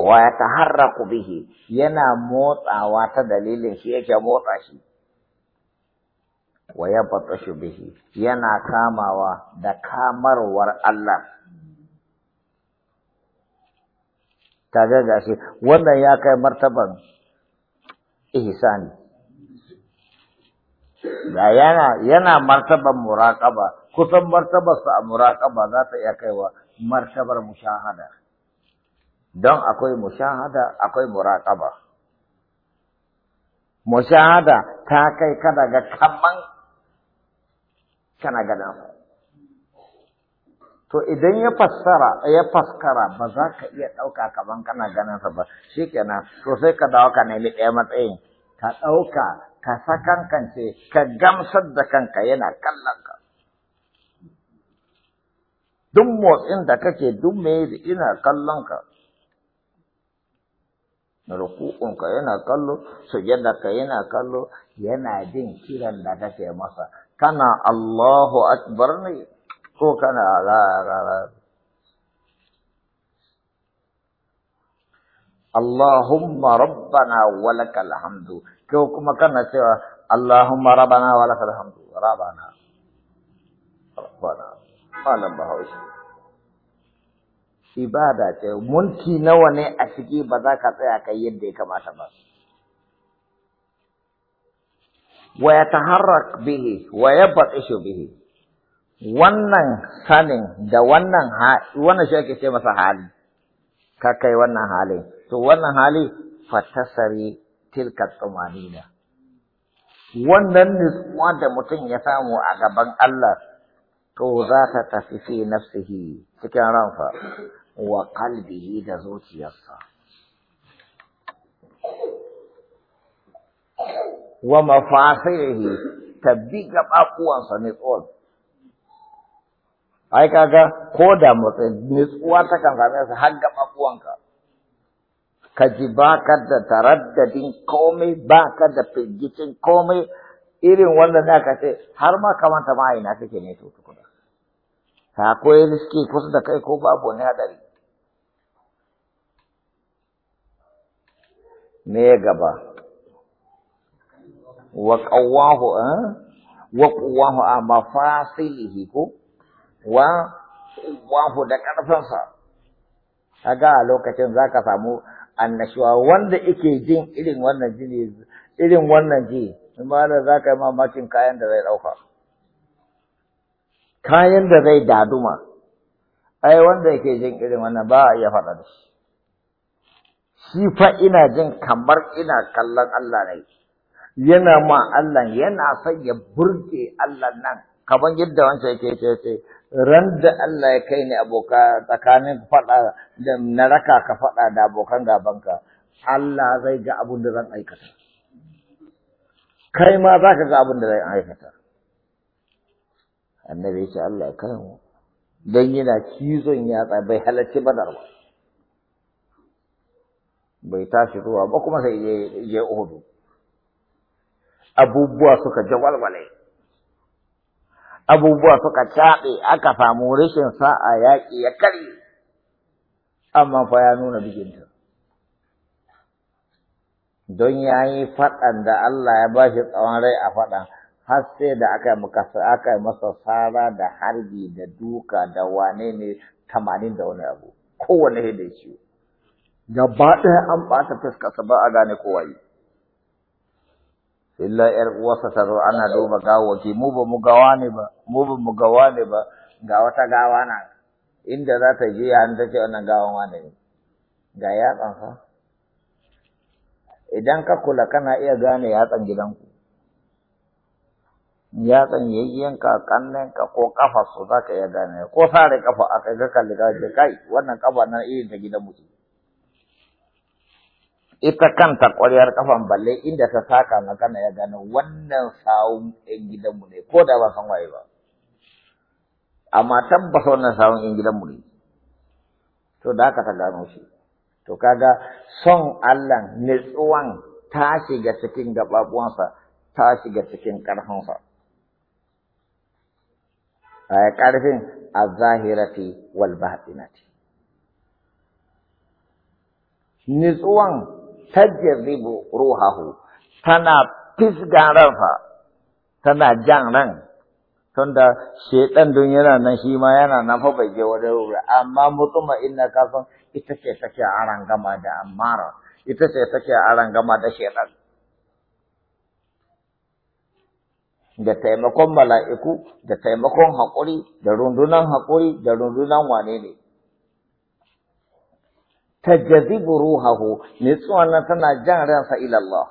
wa yataharraku bihi yana motsawa ta dalilin shi yake motsa shi wa ya batashu bihi yana kamawa da kamarwar Allah kaga gashi wannan ya kai martaban ihsani da yana yana martaban muraqaba kusan martabar sa a muraqaba za ta iya kaiwa martabar mushahada don akwai mushahada akwai muraqaba mushahada ta kai kada ga kaman kana gadansa to idan ya fassara ya faskara ba za ka iya ɗauka kaman kana sa ba shi kenan to sai ka dawo ka nemi ɗaya matsayin ka ɗauka ka sa kankance, ka gamsar da kanka yana kallon ka duk motsin da kake duk me ina kallon ka ruku'unka yana kallo ka yana kallo yana jin kiran da kake masa kana Allahu Akbar ne ko kana Allah Allahumma rabbana wa lakal hamdu ko kuma kana cewa Allahumma rabbana wa lakal hamdu rabbana rabbana malam bahaushe ibada ce mulki nawa ne a ciki ba za ka tsaya kai yadda ya kamata ba ويتحرك به ويبطش به wannan sanin da wannan wannan shi ake ce masa hali ka kai wannan hali to wannan hali fatasari tilka tsumanina wannan nutsuwa da mutum ya samu a gaban Allah to za ta tafi fi nafsihi cikin ranfa wa qalbihi da zuciyarsa wa mafasihi ka bi gaɓaɓuwansa nitsuwar. Ai kaga ko da matsayin nitsuwa ta kan same su har gaɓaɓuwanka. Ka ji ba ka da taraddadin komai ba ka da firgicin komai irin wanda za ka ce har ma kamanta ma kake ne to tukuna. Ka koyi riski kusa da kai ko babu wani haɗari. Me gaba? wa وقواه eh? ah, da وقواه دكتنسا kaga a lokacin zaka samu annashuwa wanda yake jin irin wannan ji irin wannan ji mala zaka yi mamakin kayan da zai dauka kayan da zai daduma ai wanda yake jin irin wannan ba a iya faɗa da shi shi fa ina jin kamar ina kallon Allah ne yana ma Allah yana son ya burge Allah nan kaman yadda wancan yake ce ce ran da Allah ya kai ni aboka tsakanin faɗa da naraka ka faɗa da abokan gabanka Allah zai ga abin da zan aikata kai ma za ka ga abin da zan aikata annabi ya ce Allah ya kai mu don yana cizon yatsa bai halarci badar ba bai tashi ruwa ba kuma sai ya je uhudu abubuwa suka jawalwale abubuwa suka caɓe aka famu rashin sa'a yaƙi ya karye amma fa ya nuna ta. don ya yi faɗan da Allah ya ba shi tsawon rai a faɗan har sai da aka aka masa sara da harbi da duka da wane ne tamanin da wani abu kowane da ciwo gaba ɗaya an ɓata fuskarsa ba a gane kowa yi illa yar uwarsa ta zo ana duba gawaki mu ba mu gawa ne ba mu ba mu gawa ne ba ga wata gawa na inda za ta je an ta ce wannan gawan wane ne ga yatsan fa idan ka kula kana iya gane yatsan gidanku yatsan yayyen ka kannen ka ko kafa su za ka iya gane ko sare kafa aka ga kalli ka kai wannan kafa na irin ta gidan mutum ita kanta ƙwaryar kafan balle inda ta saka magana ya gano wannan sawun ɗan gidanmu ne ko da ba san waye ba amma tabbas wannan sawun ɗan gidanmu ne to da haka ta gano shi to kaga son Allah nutsuwan ta shiga cikin gababuwansa ta shiga cikin ƙarfinsa a ƙarfin a zahirati wal batinati nutsuwan tajribu ruhahu tana fisga ranfa tana jan ran tunda shedan don yana nan shi ma yana nan fa bai je wani ruwa amma mutuma inna san ita ce take gama da amara ita ce take gama da shedan da taimakon mala'iku da taimakon haƙuri da rundunan haƙuri da rundunan wane ne tajazibu ruhahu ne tana jan ransa ilallah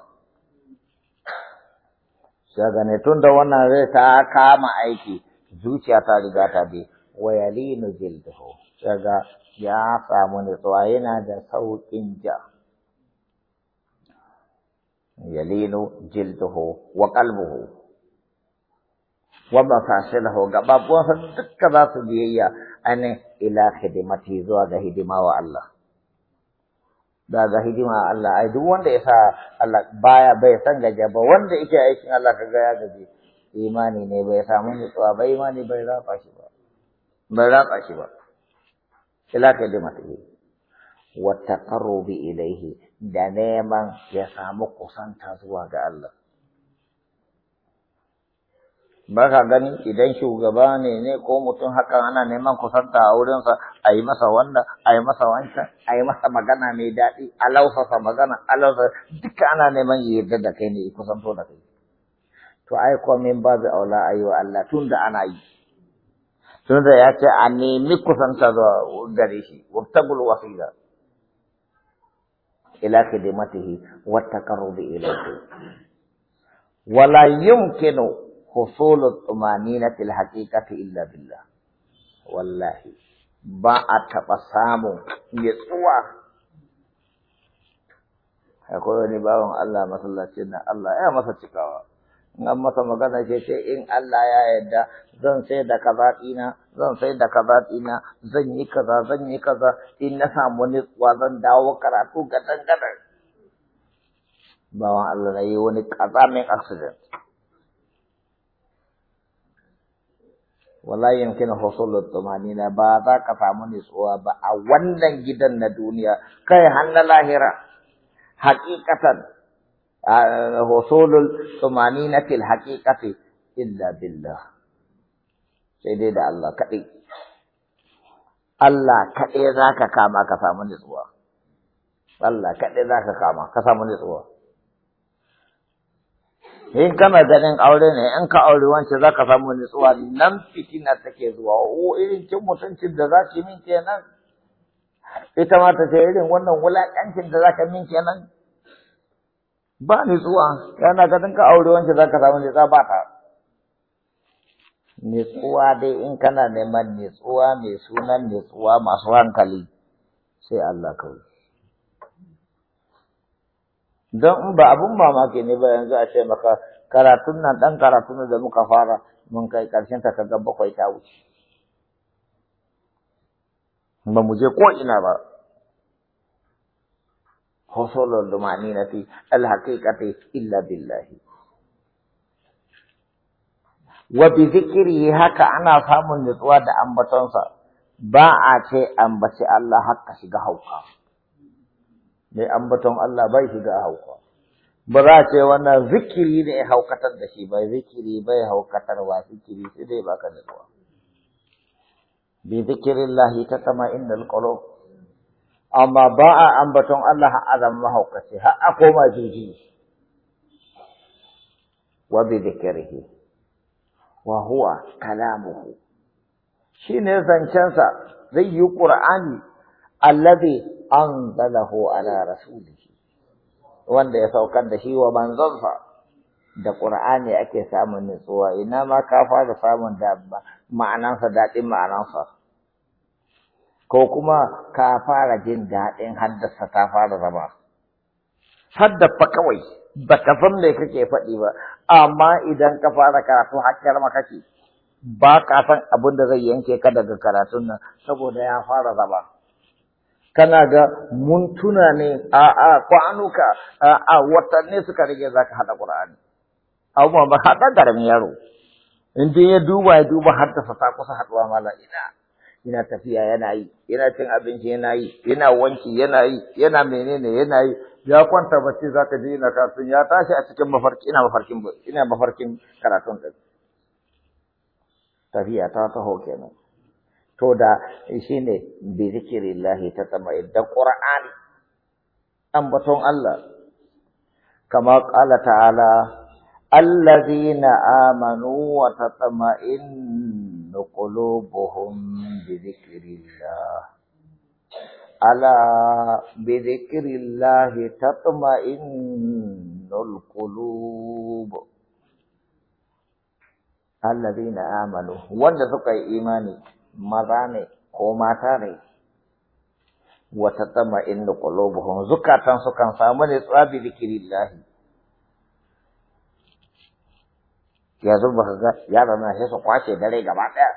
shaga tunda tun wannan zai ta kama aiki zuciya ta riga ta bi wayalinu jilduhu shaga ya samu ne yana da sauƙin ja yalinu jilduhu wa qalbuhu wa mafasilahu gababuwansa dukka za su biyayya ane ila hidimati zuwa ga hidima wa Allah daga hidima Allah ai duk wanda ya sa Allah baya bai san gaje ba wanda yake aikin Allah kaga ya gaje imani ne bai samu nutsuwa ba imani bai rafa shi ba bai rafa shi ba ila ka dima ta wa taqarrubi ilayhi da neman ya samu kusanta zuwa ga Allah ba ka gani idan shugaba ne ne ko mutum haka ana neman kusanta a wurinsa a yi masa wanda a yi masa wancan a yi masa magana mai daɗi a lausasa magana a lausasa duka ana neman ya yarda da kai ne ya kusanto da kai to ai ko min zai aula wa Allah tun da ana yi tun da ya ce a nemi kusanta da gare shi wabtagul wasila ila khidmatihi wa taqarrubi ilayhi wala yumkinu husulul tumanina fil haqiqati illa billah wallahi ba a taɓa samun yatsuwa akwai wani bawan Allah masallacin nan Allah ya masa cikawa in masa magana ce ce in Allah ya yarda zan sai da kaza ina zan sai da kaza ina zan yi kaza zan yi kaza in na samu nutsuwa dawo karatu gadan gadan bawan Allah ya yi wani kaza mai accident yankin wala yumkinu husulul na ba za ka samu nutsuwa ba a wannan gidan na duniya kai har na lahira haqiqatan husulul na fil hakikati illa billah sai dai da Allah kaɗai Allah kaɗai za ka kama ka samu nutsuwa Allah kaɗai za ka kama ka samu nutsuwa in kana ganin aure ne in ka aure wance za ka samu nutsuwa nan fitina take zuwa o irin kin mutuncin da za ki min kenan ita ma ta ce irin wannan wulaƙancin da za ka min kenan ba nutsuwa yana ganin ka aure wance za ka samu nutsuwa ba ta nutsuwa dai in kana neman nutsuwa mai sunan nutsuwa masu hankali sai Allah kawai don in ba abin mamaki ne ba yanzu a ce maka karatun nan ɗan karatun da muka fara mun kai ƙarshen ta kaga bakwai ta wuce ba mu je ko ina ba na fi alhaqiqati illa billahi wa bi zikiri haka ana samun nutsuwa da ambatonsa ba a ce ambaci Allah haka shiga hauka mai ambaton Allah bai ga hauka ba za a ce wannan zikiri ne ya haukatar da shi bai zikiri bai haukatarwa zikiri sai dai baka nutsuwa bi ta tatama inda alƙalo amma ba a ambaton Allah a zama mahaukaci har a koma juji wa bi zikrihi wa huwa kalamuhu ne zancensa zai yi qur'ani allazi anzalahu ala rasulihi wanda ya saukar da shi wa manzonsa da qur'ani ake samun nutsuwa ina ma ka fara samun da ma'anansa daɗin ma'anansa ko kuma ka fara jin daɗin haddasa ta fara zama haddafa kawai ba ka san me kake faɗi ba amma idan ka fara karatu hakkar makaki ba ka san abin da zai yanke ka daga karatun nan saboda ya fara zama kana ga mun tuna ne a'a kwanuka a'a watanni suka rage zaka hada qur'ani abubuwa ba ɗan garamin yaro in ya duba ya duba har ta fasa kusa haɗuwa mala ina ina tafiya yana yi yana cin abinci yana yi yana wanki yana yi yana menene yana yi ya kwanta bacci ka je ina kasu ya tashi a cikin mafarki ina mafarkin ina karatun tafiya ta taho kenan to da shi ne bi zikirillahi ta tsamai da qur'ani ambaton Allah kama ƙala ta'ala allazina amanu wa tatma'innu qulubuhum bi zikrillah ala bi zikrillah tatma'innul qulub allazina amanu wanda suka yi imani maza ne ko mata ne wata tsama inda qulubuhum zukatan su kan samu ne tsabi zikirillahi yanzu ba ka ga yara na sai su kwace dare gaba daya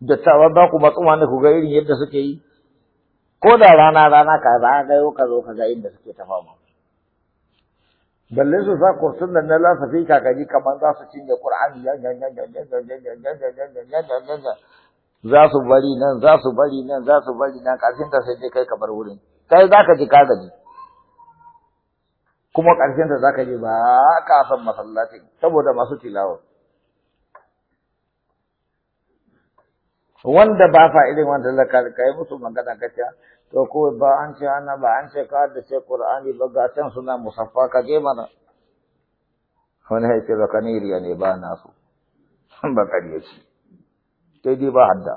dattawa ba ku matsuma ne ku ga irin yadda suke yi ko da rana rana ka za ka zo ka ga inda suke ta ba? balle su sa kursun nan na fi kakaji kamar za su cinye qur'ani za su bari nan za su bari nan za su bari nan karshen ta sai dai kai kamar wurin kai za ka ji ka gani kuma karshen ta za ka ji ba ka san masallacin saboda masu tilawa wanda ba fa'idin wanda zaka kai musu magana kace to ko ba an ce ana ba an ce ka da ce qur'ani ba ga can suna musaffa ka je mana wani haifi ba kaniriya ne ba nasu ba kariya ce sai dai ba hadda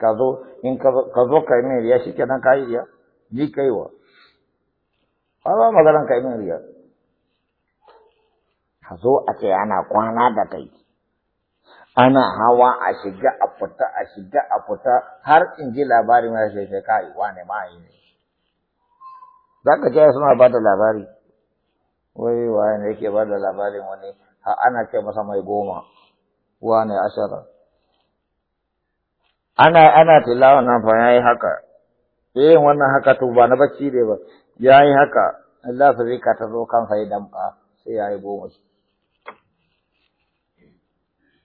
ka zo in ka yi min shi kenan ka yi riya ni kaiwa? yi wa ba ba maganan ka yi min ka zo a ce ana kwana da kai ana hawa a shiga a fita a shiga a fita har in ji labarin ya shi kai wane ma yi ne za ka ce suna ba da labari wai waye ne yake ba da labarin wani ha ana ce masa mai goma wane ashara ana ana tilawa nan fa yayi haka eh wannan haka to ba na bacci ne ba yayi haka Allah fa zai ka ta zo kan sai damka sai yayi goma shi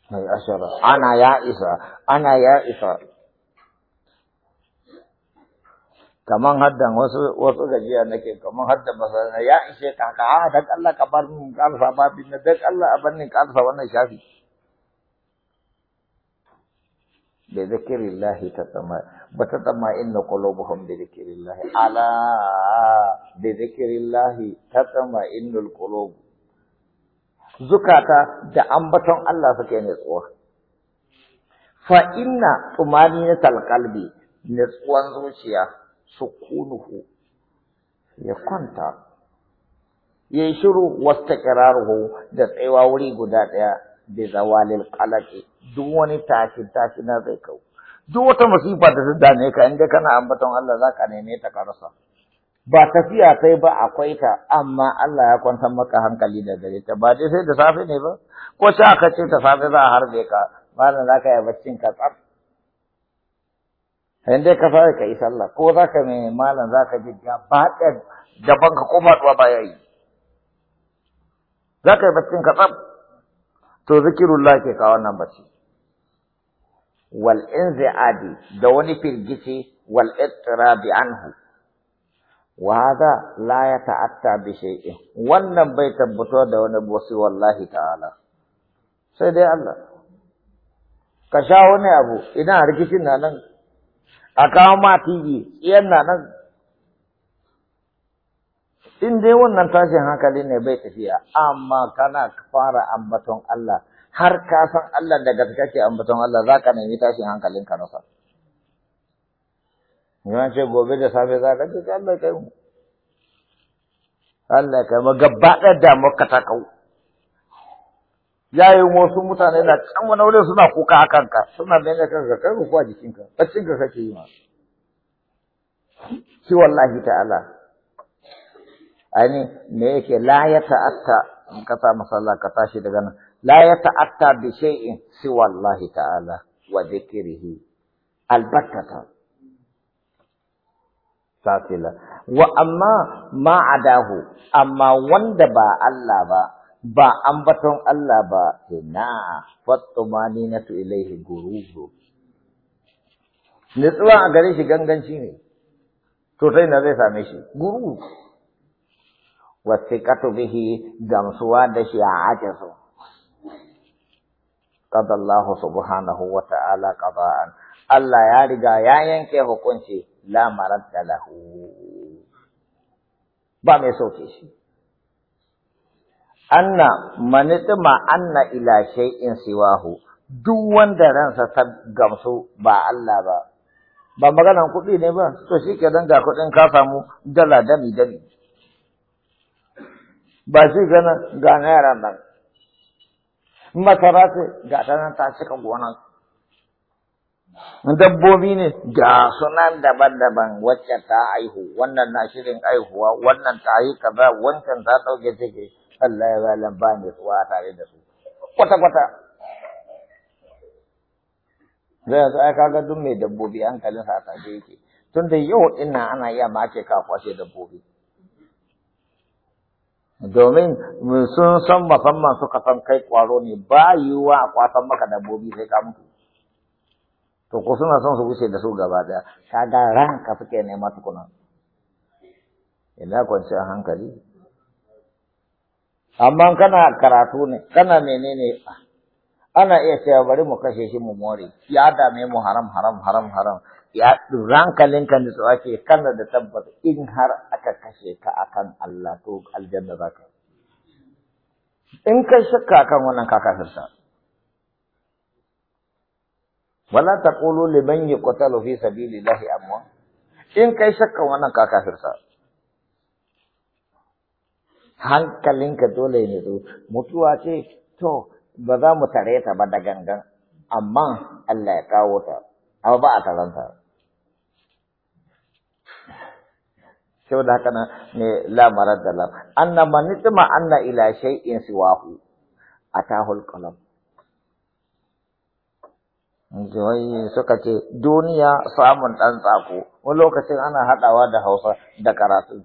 mai ashara ana ya isa ana ya isa kaman hadda wasu wasu gajiya nake kaman haddan masana ya ishe ka ka a ah, da Allah ka bar min kalfa babin na dan Allah a bannin min wannan shafi bi zikrillah tatama batatama inna qulubuhum bi zikrillah ala bi tsama tatama innal qulub zukata da ambaton Allah suke nutsuwa fa inna na qalbi nutsuwan zuciya kunuhu, ya kwanta ya yi shiru wastaqraruhu da tsaiwa wuri guda daya da zawalin qalaqi duk wani tashi tashi na zai kau duk wata masifa da ta dame ka inda kana ambaton Allah za ka neme ta ka ba tafiya kai ba akwai ta amma Allah ya kwantar maka hankali da gare ta ba dai sai da safe ne ba ko sai aka ce ta safe za a harbe ka malam za ka yi baccin ka tsaf sai dai ka fara ka yi sallah ko za ka mai malam za ka ji gaba ɗaya daban ka koma tuwa ba ya yi za ka yi baccin ka tsaf to zikirullah ke kawo nan bacci wal adi da wani firgici wal ittirabi anhu wa hadha la ya bi shay'in wannan bai tabbato da wani bosi wallahi ta'ala sai dai Allah ka sha wani abu ina rikicin na nan a kawo ma tv tsiyan na nan in dai wannan tashin hankali ne bai tafiya amma kana fara ambaton Allah har ka san Allah daga kake ambaton Allah zaka nemi tashin hankalin ka nasa Ran ce gobe da safe za ka ce Allah kai mu. Allah kai mu gaba ɗaya mu ka ta Ya Yayin wasu mutane na can wani wurin suna kuka a kanka, suna daina kanka kai rufuwa jikinka, ka, kake yi ma. Shi wallahi ta'ala. Ani me yake la ya ta'atta in ka sa masala ka tashi daga nan. La ya ta'atta bi shay'in si wallahi ta'ala wa dhikrihi albattata. safila wa amma ma adahu amma wanda ba Allah ba ba ambaton Allah ba ina fattumani na tu ilaihi gururu nutsuwa a gare shi ganganci ne to sai na zai same shi guru wasiqatu bihi gamsuwa da shi a ake ajazu Allah subhanahu wa ta'ala qada'an Allah ya riga ya yanke hukunci la maradda lahu ba mai sauke shi anna manitima, anna ila shay'in siwahu duk wanda ransa ta gamsu ba Allah ba ba maganan kuɗi ne ba to shi ke ga kuɗin ka samu dala dami dami ba shi gana ga nan masara ce ga ta nan ta cika gonan dabbobi ne ga sunan daban-daban wacce ta aihu wannan na shirin aihuwa wannan ta yi kaza wancan ta ɗauke take Allah ya zalan ba ne tsuwa tare da su kwata-kwata zai zai kaga duk mai dabbobi sa ta je yake tun da yau ina ana iya make ka kwashe dabbobi domin sun san musamman suka san kai kwaro ne ba yiwuwa a kwasan maka dabbobi sai ka mutu to ko suna son su wuce da su gaba daya kaga ran ka fike nema tukuna ina kwanciyar hankali amma kana karatu ne kana menene ana iya cewa bari mu kashe shi mu more ya dame mu haram haram haram haram ya rankalinka ne tsawa ke kana da tabbata in har aka kashe ka akan Allah to aljanna zaka in ka shakka kan wannan ka wala taqulu liman yuqtalu fi lahi amma in kai shakkan wannan ka kafirta hankalinka dole ne zo mutuwa ce to ba za mu tare ta ba da gangan amma Allah ya kawo ta amma ba a taranta da haka nan ne lamarar da lam anna man anna ila shay'in siwahu atahul qalam Wai suka ce duniya samun ɗan tsako, wani lokacin ana haɗawa da Hausa da karatu.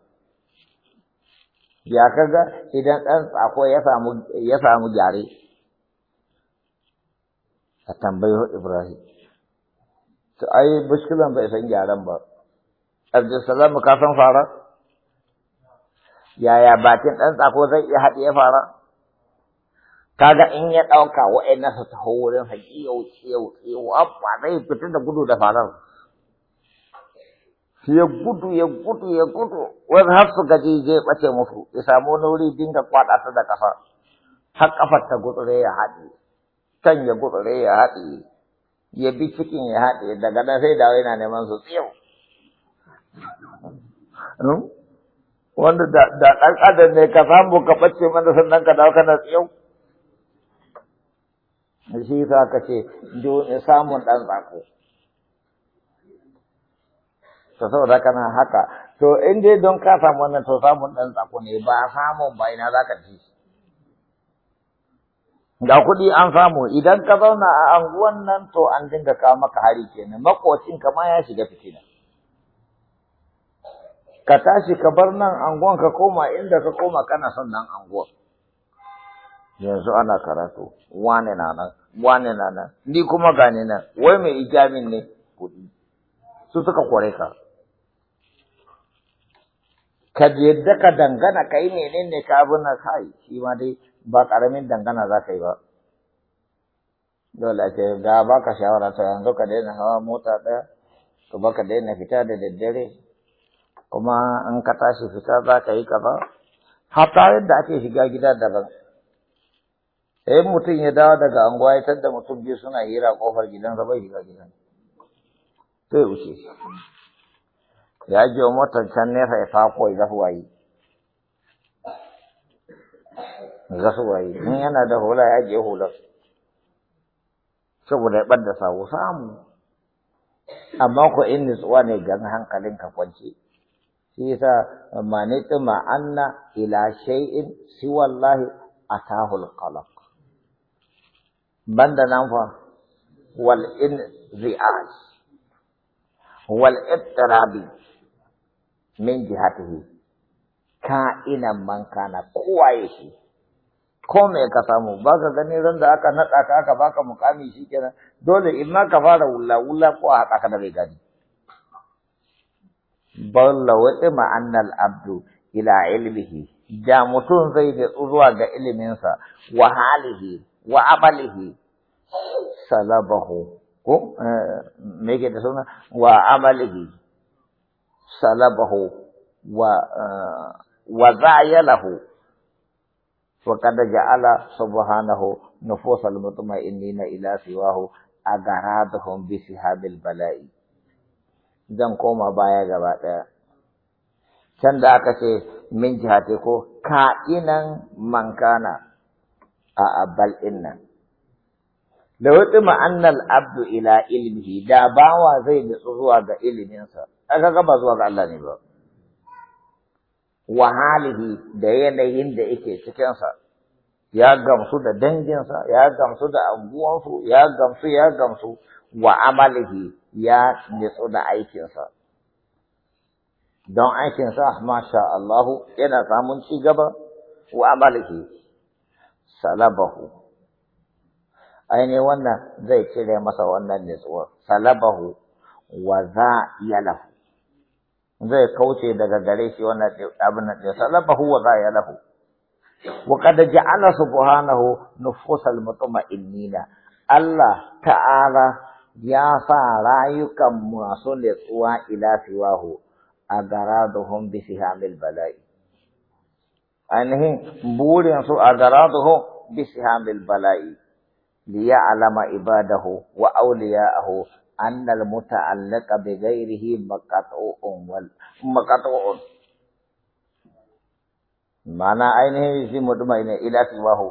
Ya kaga idan ɗan tsako ya samu gyare, a tambayo Ibrahim. To ai mushkilan bai san gyaran ba. Abdulsalam ka san fara? Yaya bakin ɗan tsako zai iya ya fara? kaga in ya ɗauka wa'annan su taho wurin sa kiyau kiyau yau abba zai fita da gudu da farar ya gudu ya gudu ya gudu wani har su gaji zai ɓace musu ya samu wani wuri dinga kwaɗa su da ƙasa har ƙafar ta gutsure ya haɗe kan ya gutsure ya haɗe ya bi cikin ya haɗe daga nan sai dawo yana neman su tsiyau hmm? wanda da ɗan adam ne ka samu ka ɓace mana sannan ka dawo kana tsiyau shi za ka ce samun ɗan tsako sau da kana haka to in dai don ka samu wannan to samun ɗan tsako ne ba samun ba ina za ka ji? ga kuɗi an samu idan ka zauna a anguwan nan to an dinga kawo maka hari kenan makocin ka ma ya shiga fitina ka tashi ka bar nan anguwan ka koma inda ka koma kana son nan anguwan yanzu ana karatu wane na nan wane na nan ni kuma ni nan wai mai ijamin ne kuɗi su suka kore ka ka yadda ka dangana ka yi ne ka abin na kai shi ma dai ba ƙaramin dangana za ka yi ba dole ake ga ba ka shawara ta yanzu ka daina hawa mota ɗaya ka ba ka daina fita da daddare kuma an ka tashi fita za ka yi ka ba hatta yadda ake shiga gida daban sai eh, mutum ya dawo daga anguwa ya tadda mutum biyu suna hira kofar gidan zaba shiga gidan sai wuce ya je motar can nesa ya sako ya gasu waye gasu waye in yana da hula ya je hular saboda ya ɓadda sabo samu amma ko in nutsuwa ne gan ka kwance shi yasa ni tsima anna ila shay'in siwallahi atahul qalam banda nan fa wal in ri'aj wal ittirabi min jihatihi ka ina man kana kowaye shi ko me ka samu ba ka gani ran da aka naɗa ka aka baka mukami kenan dole in ma ka fara wulla wulla ko a haka da bai gani balla wa ima annal abdu ila ilmihi da mutum zai da zuwa ga iliminsa wa halihi wa abalihi salabahu ko me yake da suna wa amalihi salabahu wa wa zayalahu wa kad ja'ala subhanahu nufusal mutma'innina ila siwahu agaradhum bi sihabil bala'i dan koma baya gaba daya can da aka ce min jihati ko ka'inan mankana a abal innan da wata ma'annal abdu ila ilmihi da bawa zai nutsu zuwa ga iliminsa aka gaba zuwa ga Allah ne ba wa da yanayin da yake cikinsa ya gamsu da danginsa ya gamsu da anguwansu ya gamsu ya gamsu wa amalihi ya nutsu da aikinsa don aikinsa masha Allahu yana samun ci gaba wa amalihi salabahu Aini wannan zai cire masa wannan nutsuwar salabahu wa za yalahu zai kauce daga gare shi wannan abin nan din salabahu wa za yalahu wa qad ja'ala subhanahu nufusal mutma'innina Allah ta'ala ya sa rayukan masu nutsuwa ila siwahu agaraduhum bi sihamil bala'i ainihin burin su agaraduhum bi sihamil bala'i liya'lama ibadahu wa awliya'ahu annal muta'allaqa bi ghairihi maqatu'un wal maqatu'un mana aini isi mutmainna ila siwahu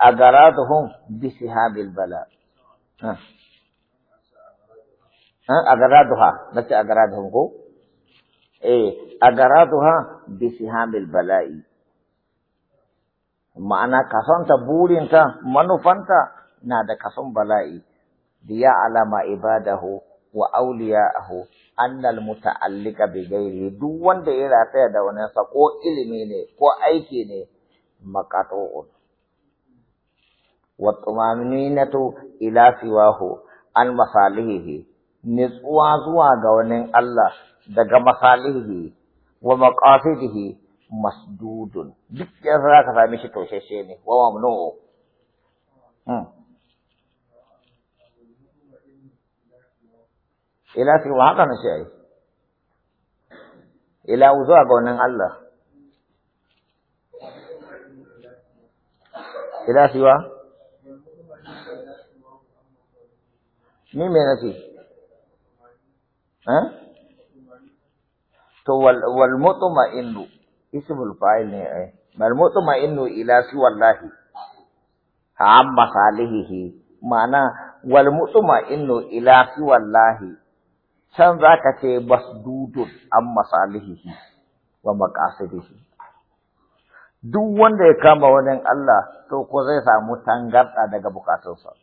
agaratuhum bi sihabil bala agaratuha nace agaratuhum ko eh agaratuha bi bala'i ma'ana kasanta burinta manufanta na da kasan bala'i ya alama ibadahu wa auliya'ahu annal muta'allika bi ghairi duk wanda ya rataya da wani sa ko ilimi ne ko aiki ne maqatu'un wa tumaninatu ila siwahu an masalihi nitsuwa zuwa ga wani Allah daga masalihi wa maqasidihi masdudun duk yanzu za ka sami shi taushashe ne wa mamnu'u hmm. ila fi wa haka na shi ai ila zuwa ga wannan Allah ila fi wa ni me nake eh to wal wal mutma'innu ismul fa'il ne ai eh. malmutu ma innu ila si wallahi amma salihihi ma'ana wal mutuma innu ila si wallahi can zaka ce basdudun amma salihihi wa maqasidihi duk wanda ya kama wajen Allah to ko zai samu tangarda daga bukatunsa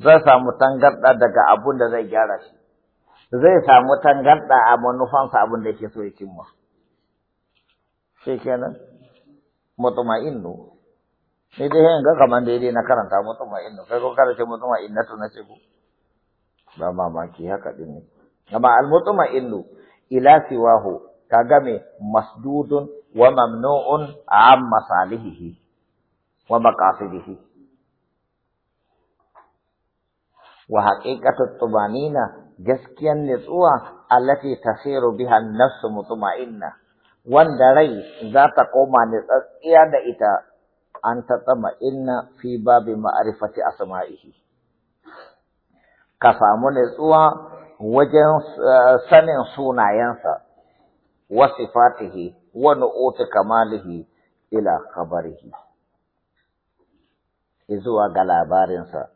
zai samu tangarda daga abun da zai gyara shi zai samu tangarda a manufansa abun da yake so ya cimma shikenan mutumainu ni dai yanga kaman dai dai na karanta mutumainu kai ko karanta mutuma'innatu na ce ku ba ma ma ki haka din ne amma al mutumainu ila siwahu kaga me masdudun wa mamnu'un am masalihihi wa maqasidihi wa haqiqatu tubanina gaskiyan ne nutsuwa allati tasiru biha an-nafsu mutuma'inna wanda rai za ta koma ne tsatsiya da ita an ta tsama inna fi babi ma'arifati asma'ihi ka samu nutsuwa wajen eh, sanin sunayensa wasu sifatihi wa nu'uti kamalihi ila khabarihi zuwa ga labarinsa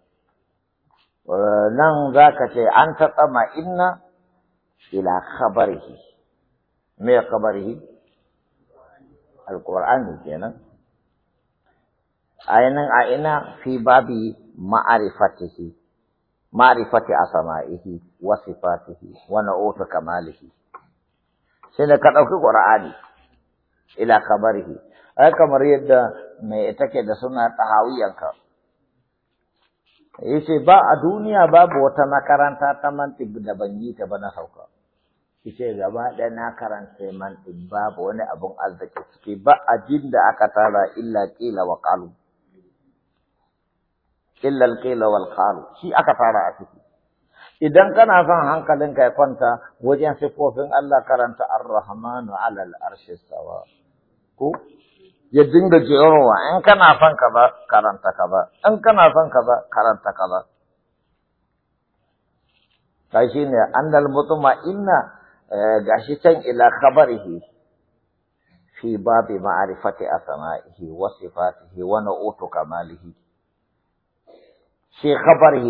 eh, nan za ka ce an ta tsama inna ila khabarihi me khabarihi al Al-Qur'ani kenan ayanan a ina fi babi ma'rifatihi ma'arifati asma'ihi wa sifatihi wa na'utu kamalihi sai da ka ɗauki ƙur'ani ila kabarihi ai kamar yadda mai take da suna ka yace ba a duniya babu wata makaranta ta mantiq da ban yi ta ba na sauka ce gaba ɗaya na karanta man ɗin babu wani abun arziki suke ba abin da aka tara illa ƙila wa ƙalu illa ƙila ƙalu shi aka tara a ciki idan kana son ka ya kwanta wajen siffofin Allah karanta ar-rahmanu alal arshi sawa ko ya dinga jerowa in kana son ka ba karanta ka ba in kana son ka ba karanta ka ba ne inna قاشتين إلى خبره في باب معرفة أسمائه وصفاته ونؤوت كماله في خبره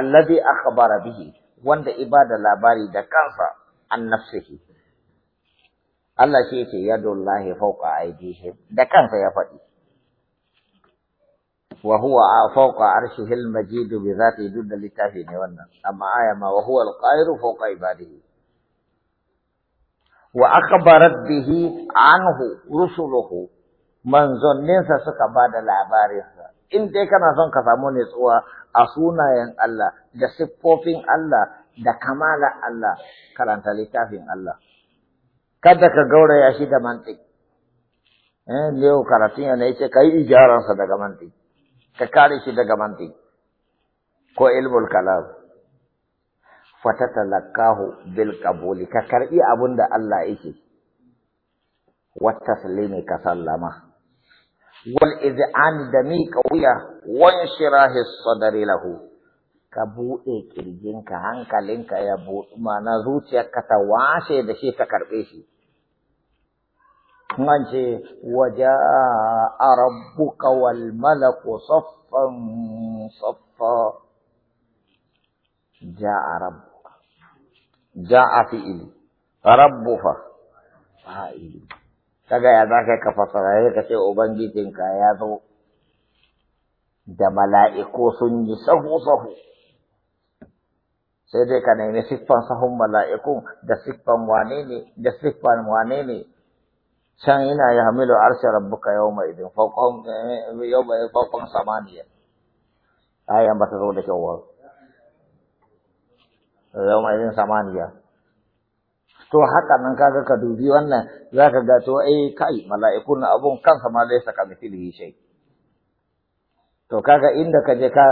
الذي أخبر به وند إبادة لا بارد كنصة عن نفسه الله شيء يد الله فوق أيديهم دكان يا فتي وهو فوق عرشه المجيد بذاته جد لتاهي نيوانا أما آيما وهو القاهر فوق عباده Wa وأخبرت به anhu rusuluhu, من suka ba da labarinsa, in dai kana son ka samu nutsuwa a sunayen Allah da siffofin Allah da kamala Allah karanta littafin Allah kada ka gauraya shi da mantik eh leo karatin ne yace kai ijaransa daga mantik ka kare shi daga mantik ko ilmul kalam lakahu bil qabuli ka karbi abun da Allah yake wa ka sallama wal iz'an da mi qawiya wan shirahi sadri lahu ka bude kirjinka hankalinka ya budu mana zuciyarka ta washe da shi ta karɓe shi kuma ce waje a rabbuka wal malaku saffan saffa ja a ja'a fi'ili rabbuka fa'ili kaga ya zaka ka fasara ka ce ubangijinka ya zo da mala'iku sun yi sahu-sahu, sai dai ka nemi siffan sahun mala'ikun da siffan wane ne, da siffan wane ne, can ina ya hamilu arshe rabbuka yau mai idin, yau mai fakon samaniya, ayan ba ta zo da kyau yawma idin samaniya to haka nan kaga ka dubi wannan zaka ga to eh kai mala'ikun abun kansa ma zai saka mithlihi shay to kaga inda ka je ka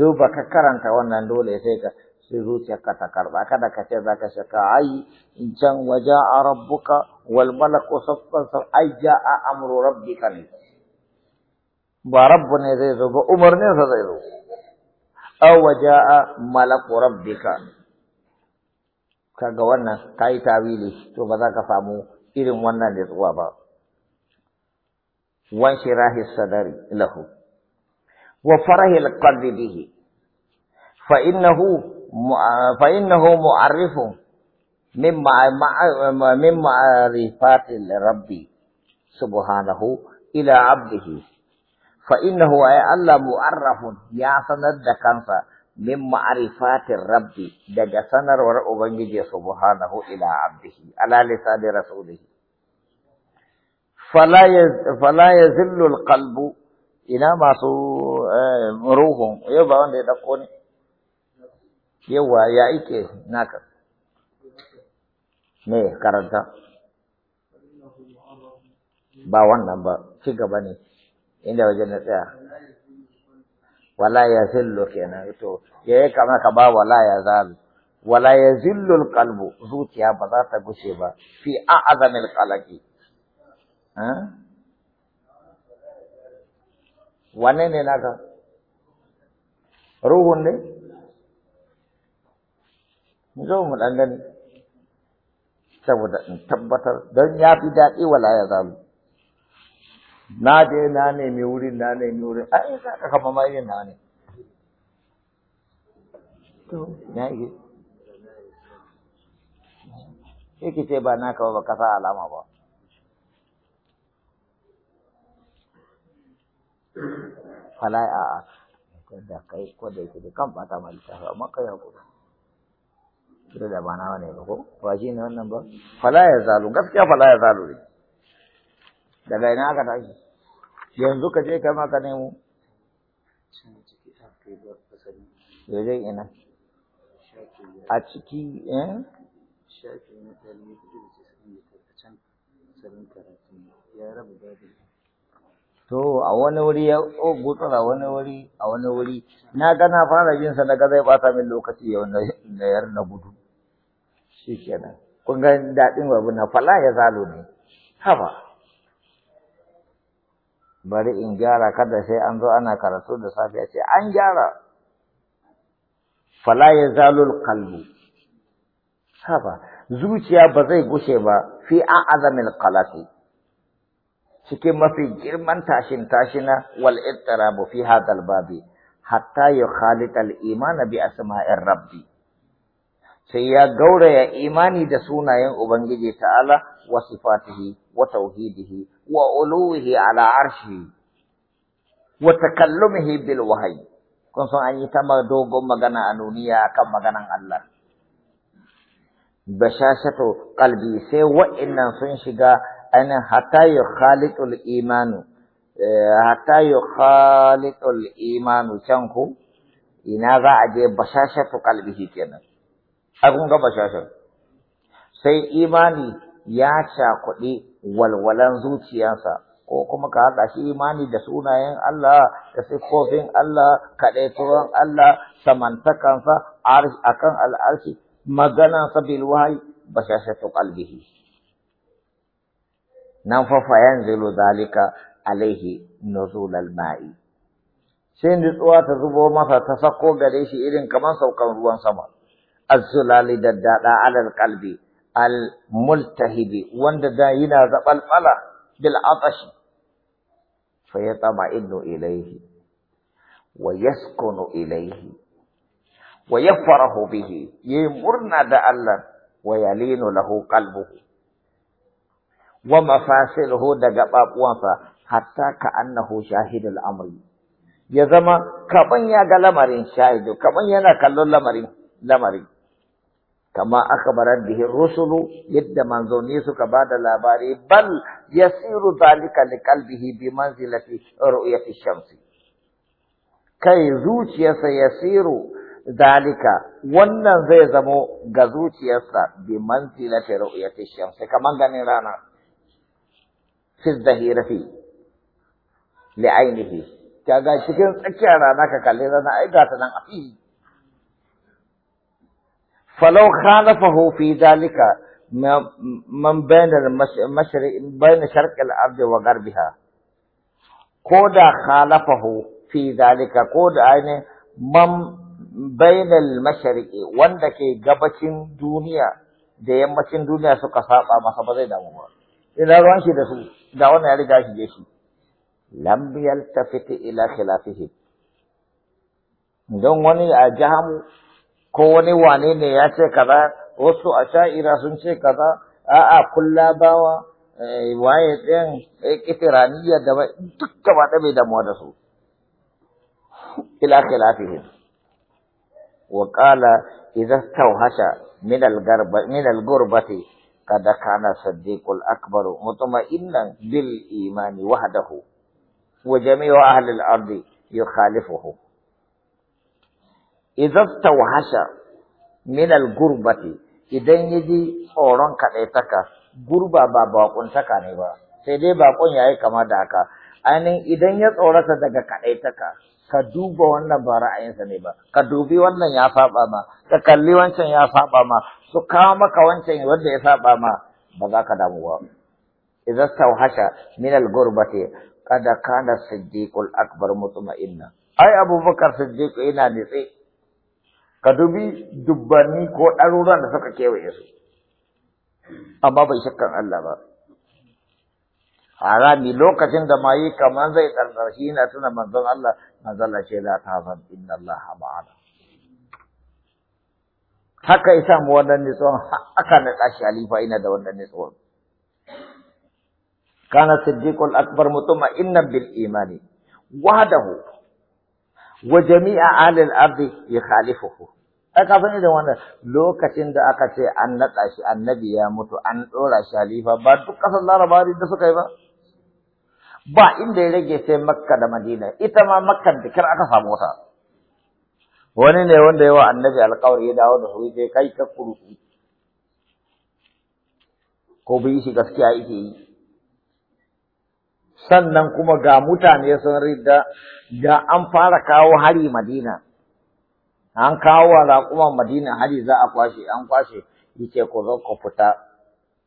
duba ka karanta wannan dole sai ka sai ka ta karba kada ka ce zaka shaka ai in can waja'a rabbuka wal malaku saffan sa ai ja'a amru rabbika ne ba rabbu ne zai zo ba umarninsa zai zo aw a malaku rabbika kaga wannan ka yi tawili to ba za ka samu irin wannan nutsuwa ba wan shirahi sadari lahu wa farahi alqalbi bihi fa innahu fa innahu mu'arrifun mimma mimma arifati rabbi subhanahu ila abdihi fa innahu ay Allah mu'arrafun ya sanar da kansa min ma'arifatin rabbi daga sanarwar ubangiji subhanahu ila abdihi ala lisani rasulihi fala yazillu alqalbu ina masu eh, ruhun yau ba wanda ya dauko ne yawa ya ike naka ne karanta ba wannan ba ci gaba ne inda wajen na tsaya wala ya zillu kenan to ya yi kama ka ba wala ya zalu wala ya zillu kalbu zuciya ba za ta gushe ba fi a'azamil kalaki. wane ne ga ruhun ne zo mu dan gani saboda in tabbatar don ya fi daɗi wala ya zalu na de na nemi wurin na nemi wurin a in ka kama mai na ne to ya yi ce ba na naka ba ka sa alama ba falai a da kai ko da yake da kan bata ma littafi amma kai hakuri kira da ba na wane ba ko ba shi ne wannan ba falai ya zalu gaskiya falai ya zalu ne daga ina aka tashi yanzu ka je kai ma ka nemo wajen ina a ciki eh ya to a wani wuri ya oh, gutsar a wani wuri a wani wuri na gana fara yin sa naga zai bata min lokaci yau na yar na gudu kenan kun ga dadin babu na fala ya zalo ne haba bari in gyara kada sai an zo ana karatu da safiya ce an gyara fala ya zalul kalbu zuciya ba zai gushe ba fi an azamin kalasi cikin mafi girman tashin tashina wal ittirabu fi hadal babi hatta ya khalita al imana bi asma'ir rabbi sai ya gauraya imani da sunayen ubangiji ta'ala wa sifatihi wa tauhidihi Wa وعلوه على عرشه وتكلمه بالوحي kun san an yi ta dogon magana a duniya kan maganan Allah. Bashashatu qalbi sai wa'innan sun shiga ainihin hatta yi khalitul imanu, eh, hatta yi khalitul imanu can ku, ina za a je bashashatu kalbi kenan. Akun ga bashashatu. Sai imani ya cakuɗi walwalan zuciyarsa ko kuma ka haɗa shi imani da sunayen Allah da siffofin Allah kaɗaituwan Allah samantakansa a kan al'arshi maganansa bil wahayi bashashatu qalbihi nan fa fa yanzilu zalika alaihi nuzul al ma'i sai nutsuwa ta zubo masa ta sako gare shi irin kamar saukan ruwan sama az da daddada alal qalbi الملتهب وند داينا زبلبلة بالعطش فيطمئن إليه ويسكن إليه ويفرح به يمرنا دا الله ويلين له قلبه ومفاصله دا قباب حتى كأنه شاهد الأمر ya zama kaman ya ga lamarin shahidu kaman yana لمرين كما أخبرت به الرسل يد منزوني سكباد لاباري بل يسير ذلك لقلبه بمنزلة رؤية الشمس كي زوج يسير ذلك ون زي غزوج يسا بمنزلة رؤية الشمس كما غني رانا في الظهيرة لعينه كذا شكل تكيرا ناكا كالي رانا اي فلو خالفه في ذلك من بين المشرق بين شرق الارض وغربها كودا خالفه في ذلك كودا يعني من بين المشرق wanda ke gabacin duniya da yammacin duniya suka saba masa ba zai damu ba ina ruwan shi da su da wannan ya riga shi je shi lam yaltafiti ila khilafihi don wani a jahamu ko wani wane ne ya ce kaza wasu a sha'ira sun ce kaza a'a kulla bawa eh, waye tsayan kitiraniya eh, da duk gaba da bai damuwa da su ila khilafihim wa qala idza tawhasha min al-garba min al-gurbati قد كان الصديق الأكبر مطمئنا بالإيمان وحده وجميع أهل الأرض يخالفه idan tawhasha min al-gurbati idan yaji tsoron kadaitaka gurba ba bakuntaka ne ba sai dai bakon yayi kama da haka ainihin idan ya tsorata daga kadaitaka ka duba wannan ba ra'ayinsa ne ba ka dubi wannan ya saba ma ka kalli wancan ya saba ma su kawo maka wancan wanda ya saba ma ba za ka damu ba idza tawhasha min al-gurbati kada kana siddiqul akbar mutma'inna ai abubakar siddiq yana nitsi kadubi dubi dubbanni ko ɗaruran da suka kewaye su amma bai shakkan Allah ba harami lokacin da ma kaman zai ɗanɗar shi na tuna manzon Allah manzon Allah ce la ta zan inna Allah ma'ana haka isa mu wannan ne tsawon haka na ɗashi halifa ina da wannan ne tsawon kana siddiqul akbar mutuma inna bil imani wahdahu وجميع آل الأرض يخالفه ai ka sani da wannan lokacin da aka ce an naɗa shi annabi ya mutu an dora shi halifa ba duk ƙasar larabari da suka yi ba ba inda ya rage sai makka da madina ita ma makka da kar aka samu wata wani ne wanda yawa annabi alƙawari ya dawo da huri kai ka kurufi ko bai shi gaskiya yake yi sannan kuma ga mutane sun rida ga an fara kawo hari madina an kawo wa raƙuman madina hari za a kwashe an kwashe yake ku zo ku fita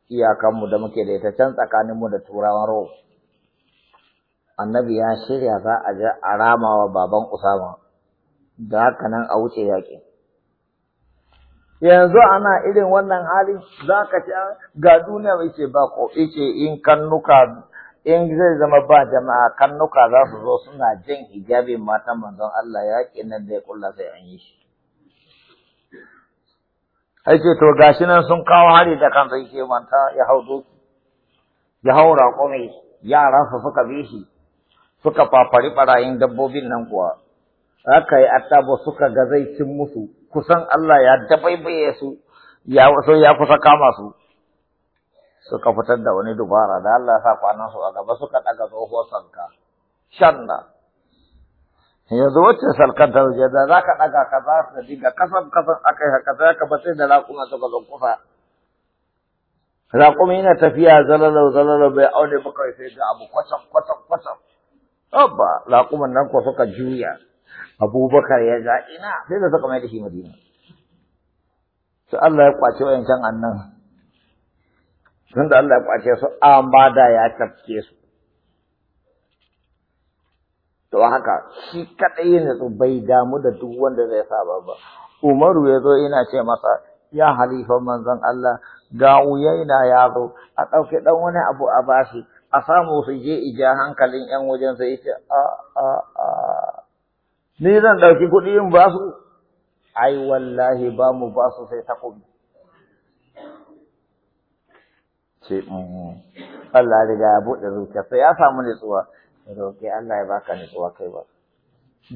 iyakanmu da muke da ita can tsakaninmu da turawan ro annabi ya shirya za a je a rama baban usama da haka nan a wuce yaƙi yanzu ana irin wannan hali za ka ci ah, ga duniya mai ce ba ko ce in kannuka in zai zama ba jama'a kannuka za su zo suna jin hijabin matan manzon Allah yaƙin nan da ya kulla sai an yi shi yace to gashi nan sun kawo hari da kansa yake manta ya hau doki ya hau raƙumi yaran su suka bi shi suka fafari ɓarayin dabbobin nan kuwa aka yi attabo suka ga zai cin musu kusan Allah ya dabaibaye su ya so ya kusa kama su suka fitar da wani dubara da Allah ya sa kwanan su a gaba suka daga tsohuwar sanka shanna yanzu wacce salkar ta da za ka ɗaga ka za ka diga kasan kasan aka yi haka sai ka batai da raƙuma ta gazon kusa Raƙuma yana tafiya zalalau zalalau bai aune ba kawai sai ga abu kwatsam kwatsam kwatsam abba raƙuman nan ko suka juya abubakar ya ga ina sai da suka mai da shi madina su Allah ya kwace wayancan annan tunda Allah ya kwace su amma da ya tafke su to haka shi kadai ne su bai damu da duk wanda zai saba ba Umaru ya zo ina ce masa ya halifan manzon Allah ga uyaina ya zo a ɗauke ɗan wani abu a bashi a samu su je ija hankalin yan wajen sai ce a a a ni zan ɗauki kuɗi in ba su ai wallahi ba mu ba su sai takobi ce mm, mm, mm. Allah riga ya buɗe sai ya samu nutsuwa roƙi Allah ya baka nutsuwa kai ba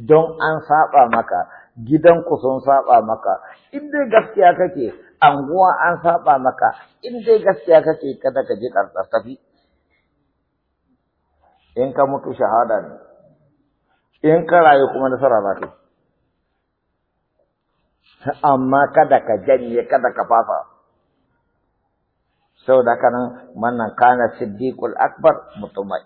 don an saba maka gidanku sun saba maka in dai gaskiya kake anguwa an saba maka in dai gaskiya kake kada ka ji karsafi in ka mutu shahada ne in ka rayu kuma nasara za ka amma kada ka janye kada ka fafa saboda haka nan wannan kana siddiqul akbar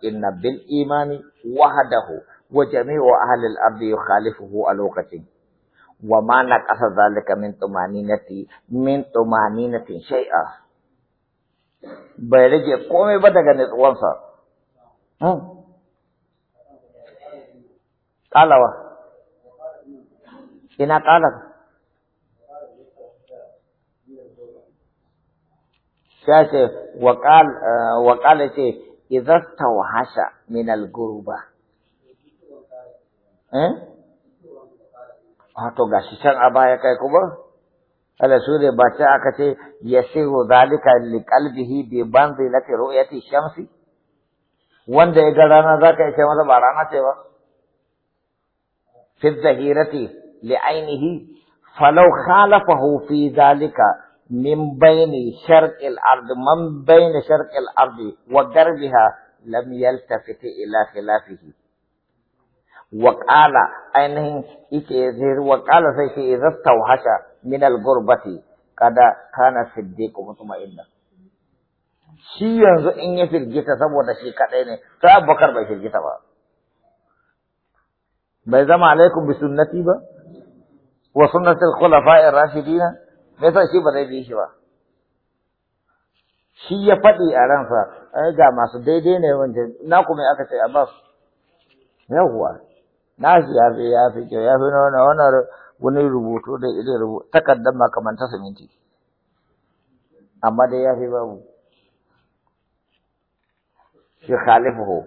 inna bil imani wahdahu wa jami'u ahli al-ardi yukhalifuhu a lokacin wa ma naqasa zalika min tumaninati min tumaninatin shay'a bai rage komai ba daga nutsuwansa kalawa hmm? ina kalar sai ce wa ƙala eh, ce izasta wahasha min alguruba eh wato shi can a baya kai kuma ala sure ba ta aka ce yasiru zalika li qalbihi bi banzilati ru'yati shamsi wanda ya ga rana zaka yi masa ba rana ce ba fi zahirati li ainihi falau khalafahu fi zalika من بين شرق الأرض من بين شرق الأرض وغربها لم يلتفت إلى خلافه وقال أنهم زير وقال سيشي إذا استوحش من الغربة قد كان صديق مطمئن شي ينزو إن في الجيسة سبو تشي كتين فأب بكر بيش الجيسة با بيزم عليكم بسنتي با وسنة الخلفاء الراشدين me yasa shi ba zai bi shi ba shi ya faɗi a ransa ai ga masu daidai ne wanda na kuma aka ce abbas yawwa na shi ya fi ya fi kyau ya fi na wani wani rubutu da irin rubutu takardar makamanta siminti amma dai ya fi babu shi ho.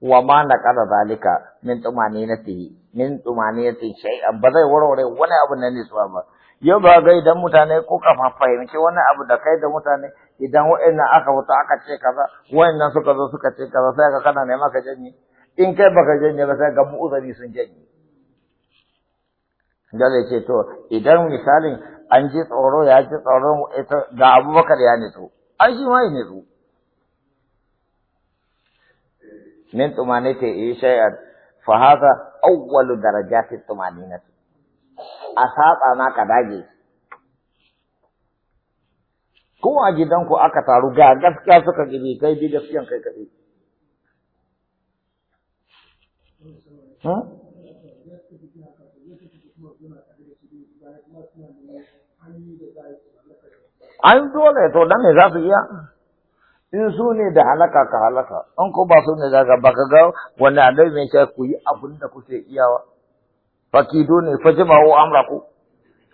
wa ma na ƙara zalika min na fi, min na tumaninatin shai'an ba zai warware wani abu na nisuwa ba yau ba ga idan mutane ko kafa fahimci wani abu da kai da mutane idan wa'annan aka fito aka ce kaza wa'annan suka zo suka ce kaza sai ka kana nema ka janye in kai baka janye ba sai ga uzuri sun janye dole ce to idan misalin an ji tsoro ya ji tsoro ga abubakar ya nitsu an shi ma ya nitsu min ta yi shayar fa hadha awwalu na tumaninati a saɓa ma ka dage ko a gidanku aka taru ga gaskiya suka gibi kai bi gaskiyan kai kaɗai hmm? an dole to dan me za su iya in su ne da halaka ka halaka in ko ba su ne za ka baka ga wanda annabi mai ce ku yi abin da kuke iyawa fakido ne fa jama'u amraku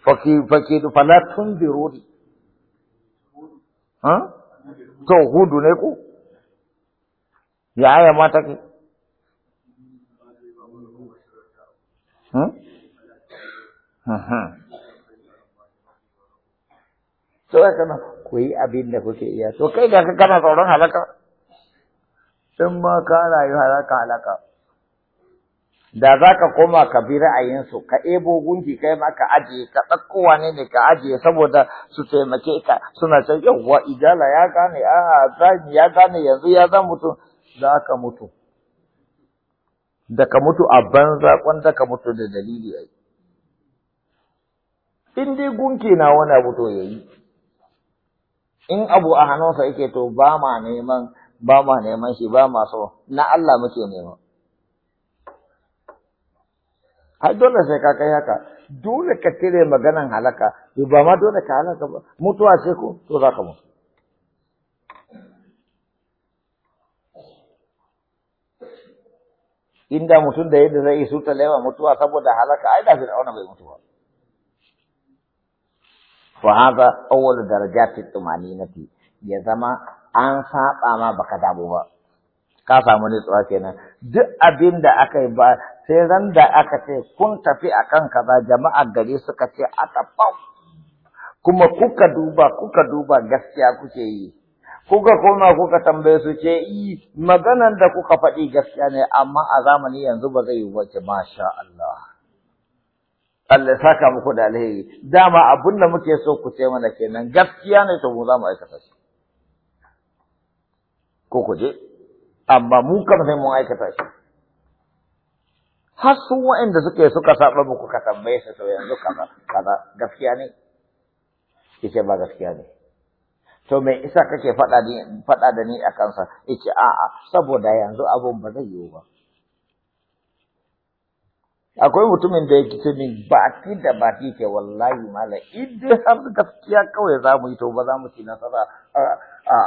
faki fakido fala tunziruni ha to hudu ne ku ya aya mata ke ha ha to kana ku yi abin da kuke iya to kai da kana tsoron halaka sun ma ka rayu halaka halaka da za ka koma ka bi ra'ayinsu ka ebo gunki kai ma ka ajiye ka ɗauko wane ne ka ajiye saboda su taimake ka suna Yau yawwa ijala ya gane a zani ya gane yanzu ya zan mutu za ka mutu da ka mutu a banza kwanda ka mutu da dalili ai in dai gunki na wani abu to yayi in abu a hannunsa yake to ba ma neman ba ma neman shi ba ma so na Allah muke nema har dole sai ka kai haka dole ka tire maganan halaka ba ma dole ka halaka ba mutuwa ce ko to za ka mutu inda mutum da yadda zai su lewa mutuwa saboda halaka ai da fir'auna bai mutu ba fa hada awwal darajatit tumaninati ya zama an saba ma baka dabo ba ka samu nutsuwa kenan duk abin da aka yi ba sai ran da aka ce kun tafi a kan kaza jama'a gari suka ce atafau kuma kuka duba kuka duba gaskiya kuke yi kuka koma kuka tambaye su ce i maganan da kuka faɗi gaskiya ne amma a zamani yanzu ba zai yi wace masha Allah Allah saka muku da alheri dama abun da muke so ku ce mana kenan gaskiya ne to mu za mu aikata shi ko ku je amma mu kam sai mun aikata shi har su suke suka saba muku ka tambaye su to yanzu kaza kaza gaskiya ne yace ba gaskiya ne to me isa kake faɗa ni faɗa da ni a kansa yace a'a saboda yanzu abun ba zai yiwu ba akwai mutumin da yake ce min baki da baki ke wallahi mala idan har gaskiya kawai za mu yi to ba za mu ci nasara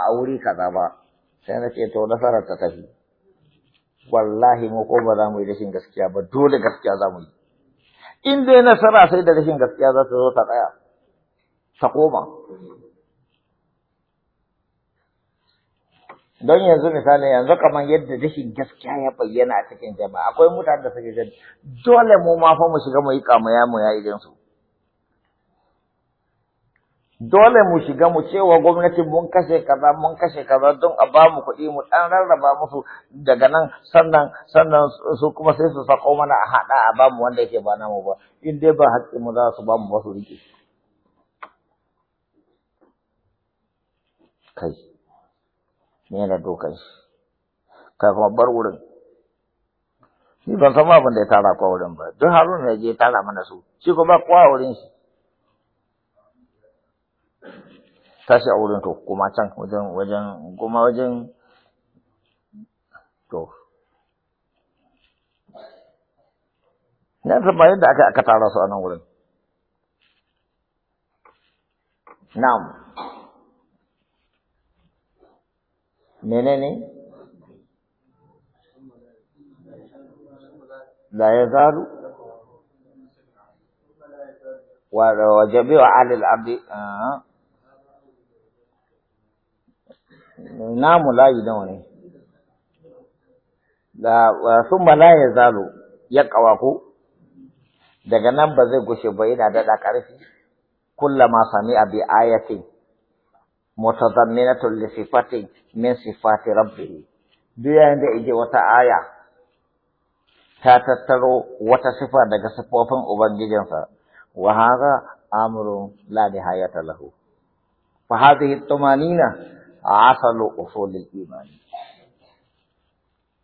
a wuri kaza ba sai na ce to nasarar ta tafi wallahi mu ko ba za mu yi rashin gaskiya ba dole gaskiya za mu yi in dai nasara sai da rashin gaskiya za ta zo ta tsaya ta koma don yanzu misali yanzu kamar yadda rashin gaskiya ya bayyana a cikin jama'a akwai mutane da suke jami'a, dole mu ma fa mu shiga mu yi kamaya mu ya idan su dole mu shiga mu cewa gwamnati mun kashe kaza mun kashe kaza don a ba mu kuɗi mu ɗan rarraba musu daga nan sannan sannan su kuma sai su sako mana a haɗa a ba mu wanda yake ba namu ba in dai ba haƙƙin mu za su ba mu wasu rike kai me na dokan shi kai kuma bar wurin ni ban san abin da ya tara kwa wurin ba duk haruna ya je tara mana su shi kuma ba kwa wurin shi tashi a wurin to kuma can wajen wajen kuma wajen to na ba yadda aka aka tara su a nan wurin na'am menene la yazalu wa wajabi wa alil abdi ah. namu layi nawa ne da sun la ya zalo ya kawako daga nan ba zai gushe ba yana daɗa ƙarfi ma sami abi ayatin mutazamminatul li sifatin min sifati rabbih duk yayin da ije wata aya ta tattaro wata sifa daga sifofin ubangijinsa wa hadha amrun la nihayata lahu fa hadhihi tumanina asalu usulul imani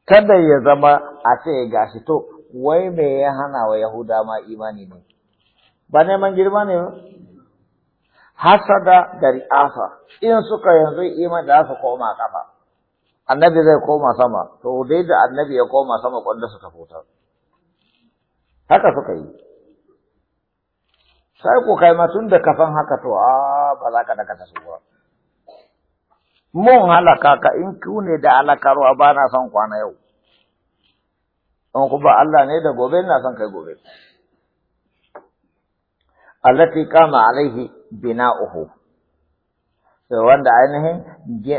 kada ya zama a ce gashi to wai me ya hana wa yahuda ma imani ne ba neman girma ne hasada da ri'asa in suka yanzu imani da su koma kafa annabi zai koma sama to dai da annabi ya koma sama kwanda su tafuta haka suka yi sai ku kai ma tun da kafan haka to a ah, ba za ka daga ta ba mun halaka ka in ku ne da halakarwa ba na son kwana yau in ku ba Allah ne da gobe na son kai gobe allati kama alaihi bina'uhu wanda ainihin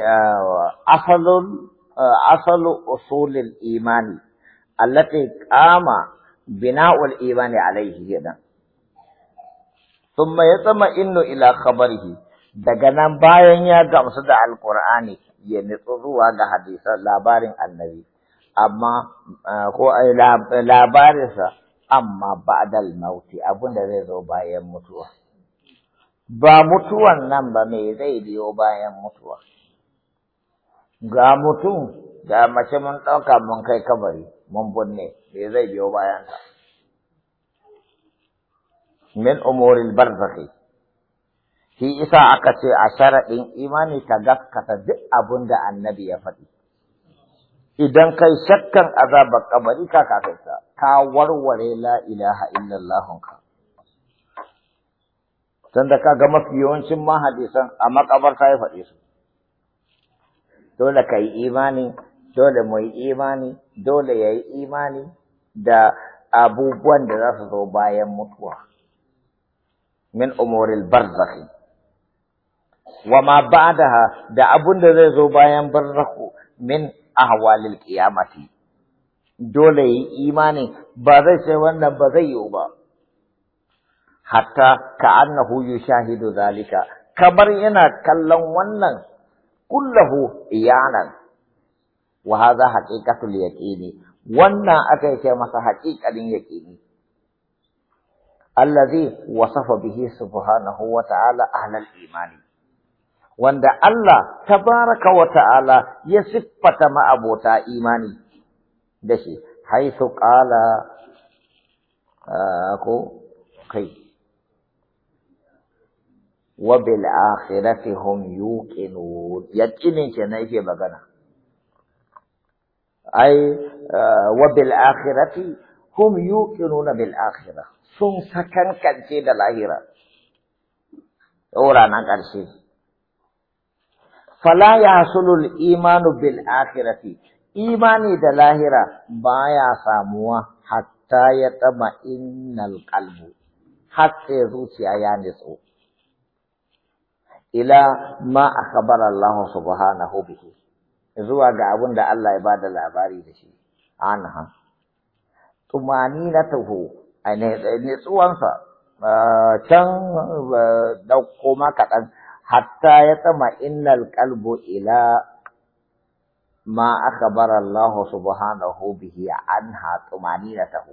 ah, asalul ah, asalu usulil imani allati kama bina'ul imani alaihi kenan ثم يطمئن ila خبره daga nan bayan ya gamsu da alkur'ani ya nitsu zuwa ga hadisan labarin annabi amma ko labarinsa amma ba'dal mauti abinda zai zo bayan mutuwa ba mutuwan nan ba me zai biyo bayan mutuwa ga mutum da mace mun ɗauka mun kai kabari mun binne me zai biyo bayan ta min umuril barzakhi Shi isa aka ce a sharaɗin imani ka gaskata duk abin da annabi ya faɗi. Idan kai shakkan azabar kabari ka kakaita ka warware la ilaha lahunka Tun ka ga mafi yawancin mahadisan a makabarta ya faɗi su. Dole ka yi imani, dole mu yi imani, dole ya yi imani da abubuwan da za su zo bayan mutuwa. Min umurin barzakhi. wa ma ba'daha da abun da zai zo bayan barzahu min ahwalil qiyamati dole yi imani ba zai sai wannan ba zai yiwu ba hatta ka annahu yushahidu zalika kamar yana kallon wannan kullahu iyanan wa hadha haqiqatul yaqini wannan aka ce masa haqiqalin yaqini allazi wasafa bihi subhanahu wa ta'ala ahlal imani wanda Allah tabaraka wa ta'ala ya siffata ma'abota imani da shi haisu qala ko kai wa bil akhirati hum yuqinun yaqinin na yake magana ai wa bil akhirati hum yuqinuna bil akhirah sun sakankance da lahira ora na karshe fala sulul imanu bil akhirati imani da lahira baya samuwa hatta ya tama innal qalbu hatta zuciya ya nitsu ila ma akhbara Allah subhanahu bihi zuwa ga abinda da Allah ya bada labari da shi anha tumaninatuhu ne tsuwansa ah, can ah, dauko ma kaɗan حتى يطمئن القلب الى ما اخبر الله سبحانه به عنها طمانينته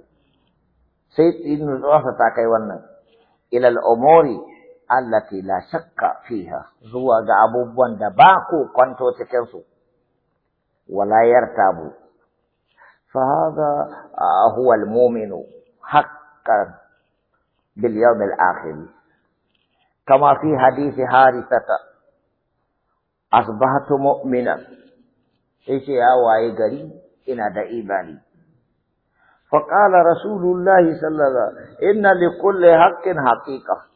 سيدنا الله تعالى ونن الى الامور التي لا شك فيها هو ابو بند باكو كنتو تكنسو ولا يرتاب فهذا هو المؤمن حقا باليوم الاخر كما في حديث حارثة أصبحت مؤمنا إيش يا واي غري إن دائباني فقال رسول الله صلى الله عليه وسلم إن لكل حق حقيقة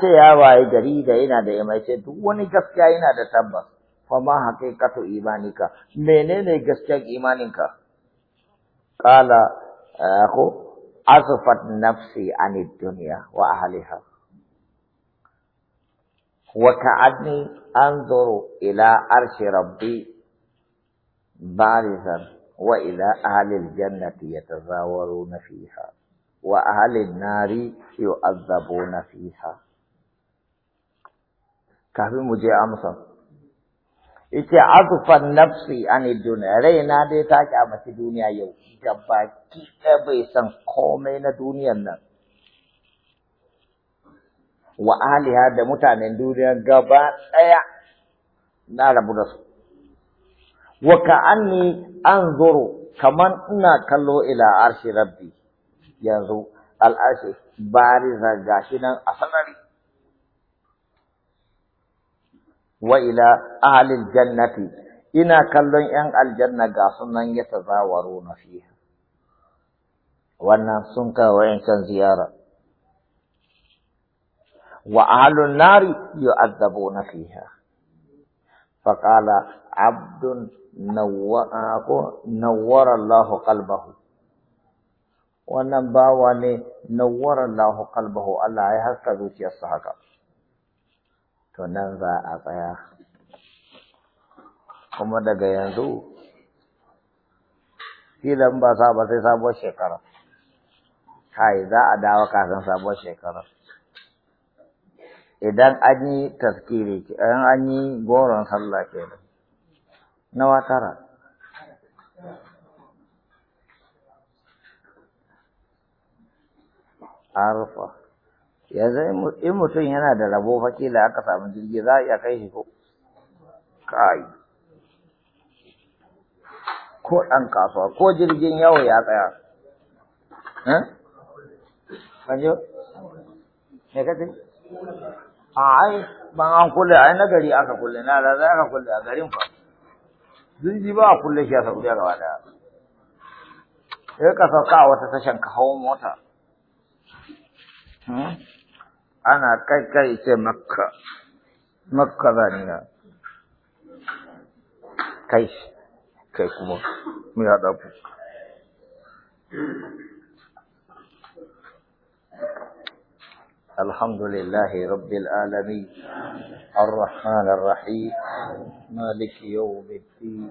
ce ya waye gari da yana da duk wani gaskiya yana da tabbas fa ma haqiqatu imanika menene gaskiyar imaninka qala ko azfat nafsi anid dunya wa ahliha وكأني أنظر إلى عرش ربي بارزا وإلى أهل الجنة يتزاورون فيها وأهل النار يؤذبون فيها كافي مجي أمسا إتي عطف النفس عن الدنيا رينا دي تاك أمسي دنيا يو جبا كي أبي سن قومين دنيا نفس wa aliha da mutanen duniya gaba ɗaya na rabu da su wa ka'anni anzuru kaman ina kallo ila arshi rabbi yanzu al'ashi bariza gashi nan a sanari wa ila ahlil jannati ina kallon yan aljanna ga sunan na fiye. wannan sun kawo yankan ziyara wa ahlun nari yu'adzabuna fiha faqala abdun nawwara nawwara Allahu qalbahu wannan bawa ne nawwara Allahu qalbahu Allah ya haska zuciyarsa haka to nan za a tsaya kuma daga yanzu idan ba sa ba sai sabuwar shekara kai za a dawo kafin sabuwar shekara idan an yi taskiri idan an yi goron sallah ke nan nawa tara arfa yanzu in mutum yana da rabo fakila aka samu jirgi za a iya kai shi ko kai ko ɗan kasuwa ko jirgin yawo ya tsaya eh? me kace Ah, ai ban an kulle ai na gari aka kulle na da za aka kulle a garin fa ji ba a kulle shi a Saudiya gaba daya sai ka sauka a wata tashan ka hawo mota hmm? ana kai kai ce makka makka na. kai kai kuma mu haɗa ku الحمد لله رب العالمين الرحمن الرحيم مالك يوم الدين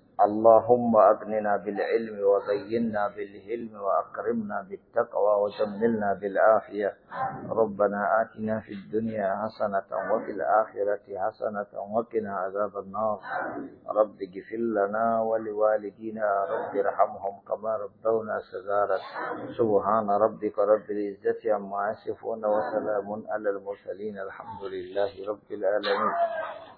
اللهم أغننا بالعلم وزيننا بالهلم وأكرمنا بالتقوى وجملنا بالعافية ربنا آتنا في الدنيا حسنة وفي الآخرة حسنة وقنا عذاب النار رب اغفر لنا ولوالدينا رب ارحمهم كما ربونا صغارا سبحان ربك رب العزة عما يصفون وسلام على المرسلين الحمد لله رب العالمين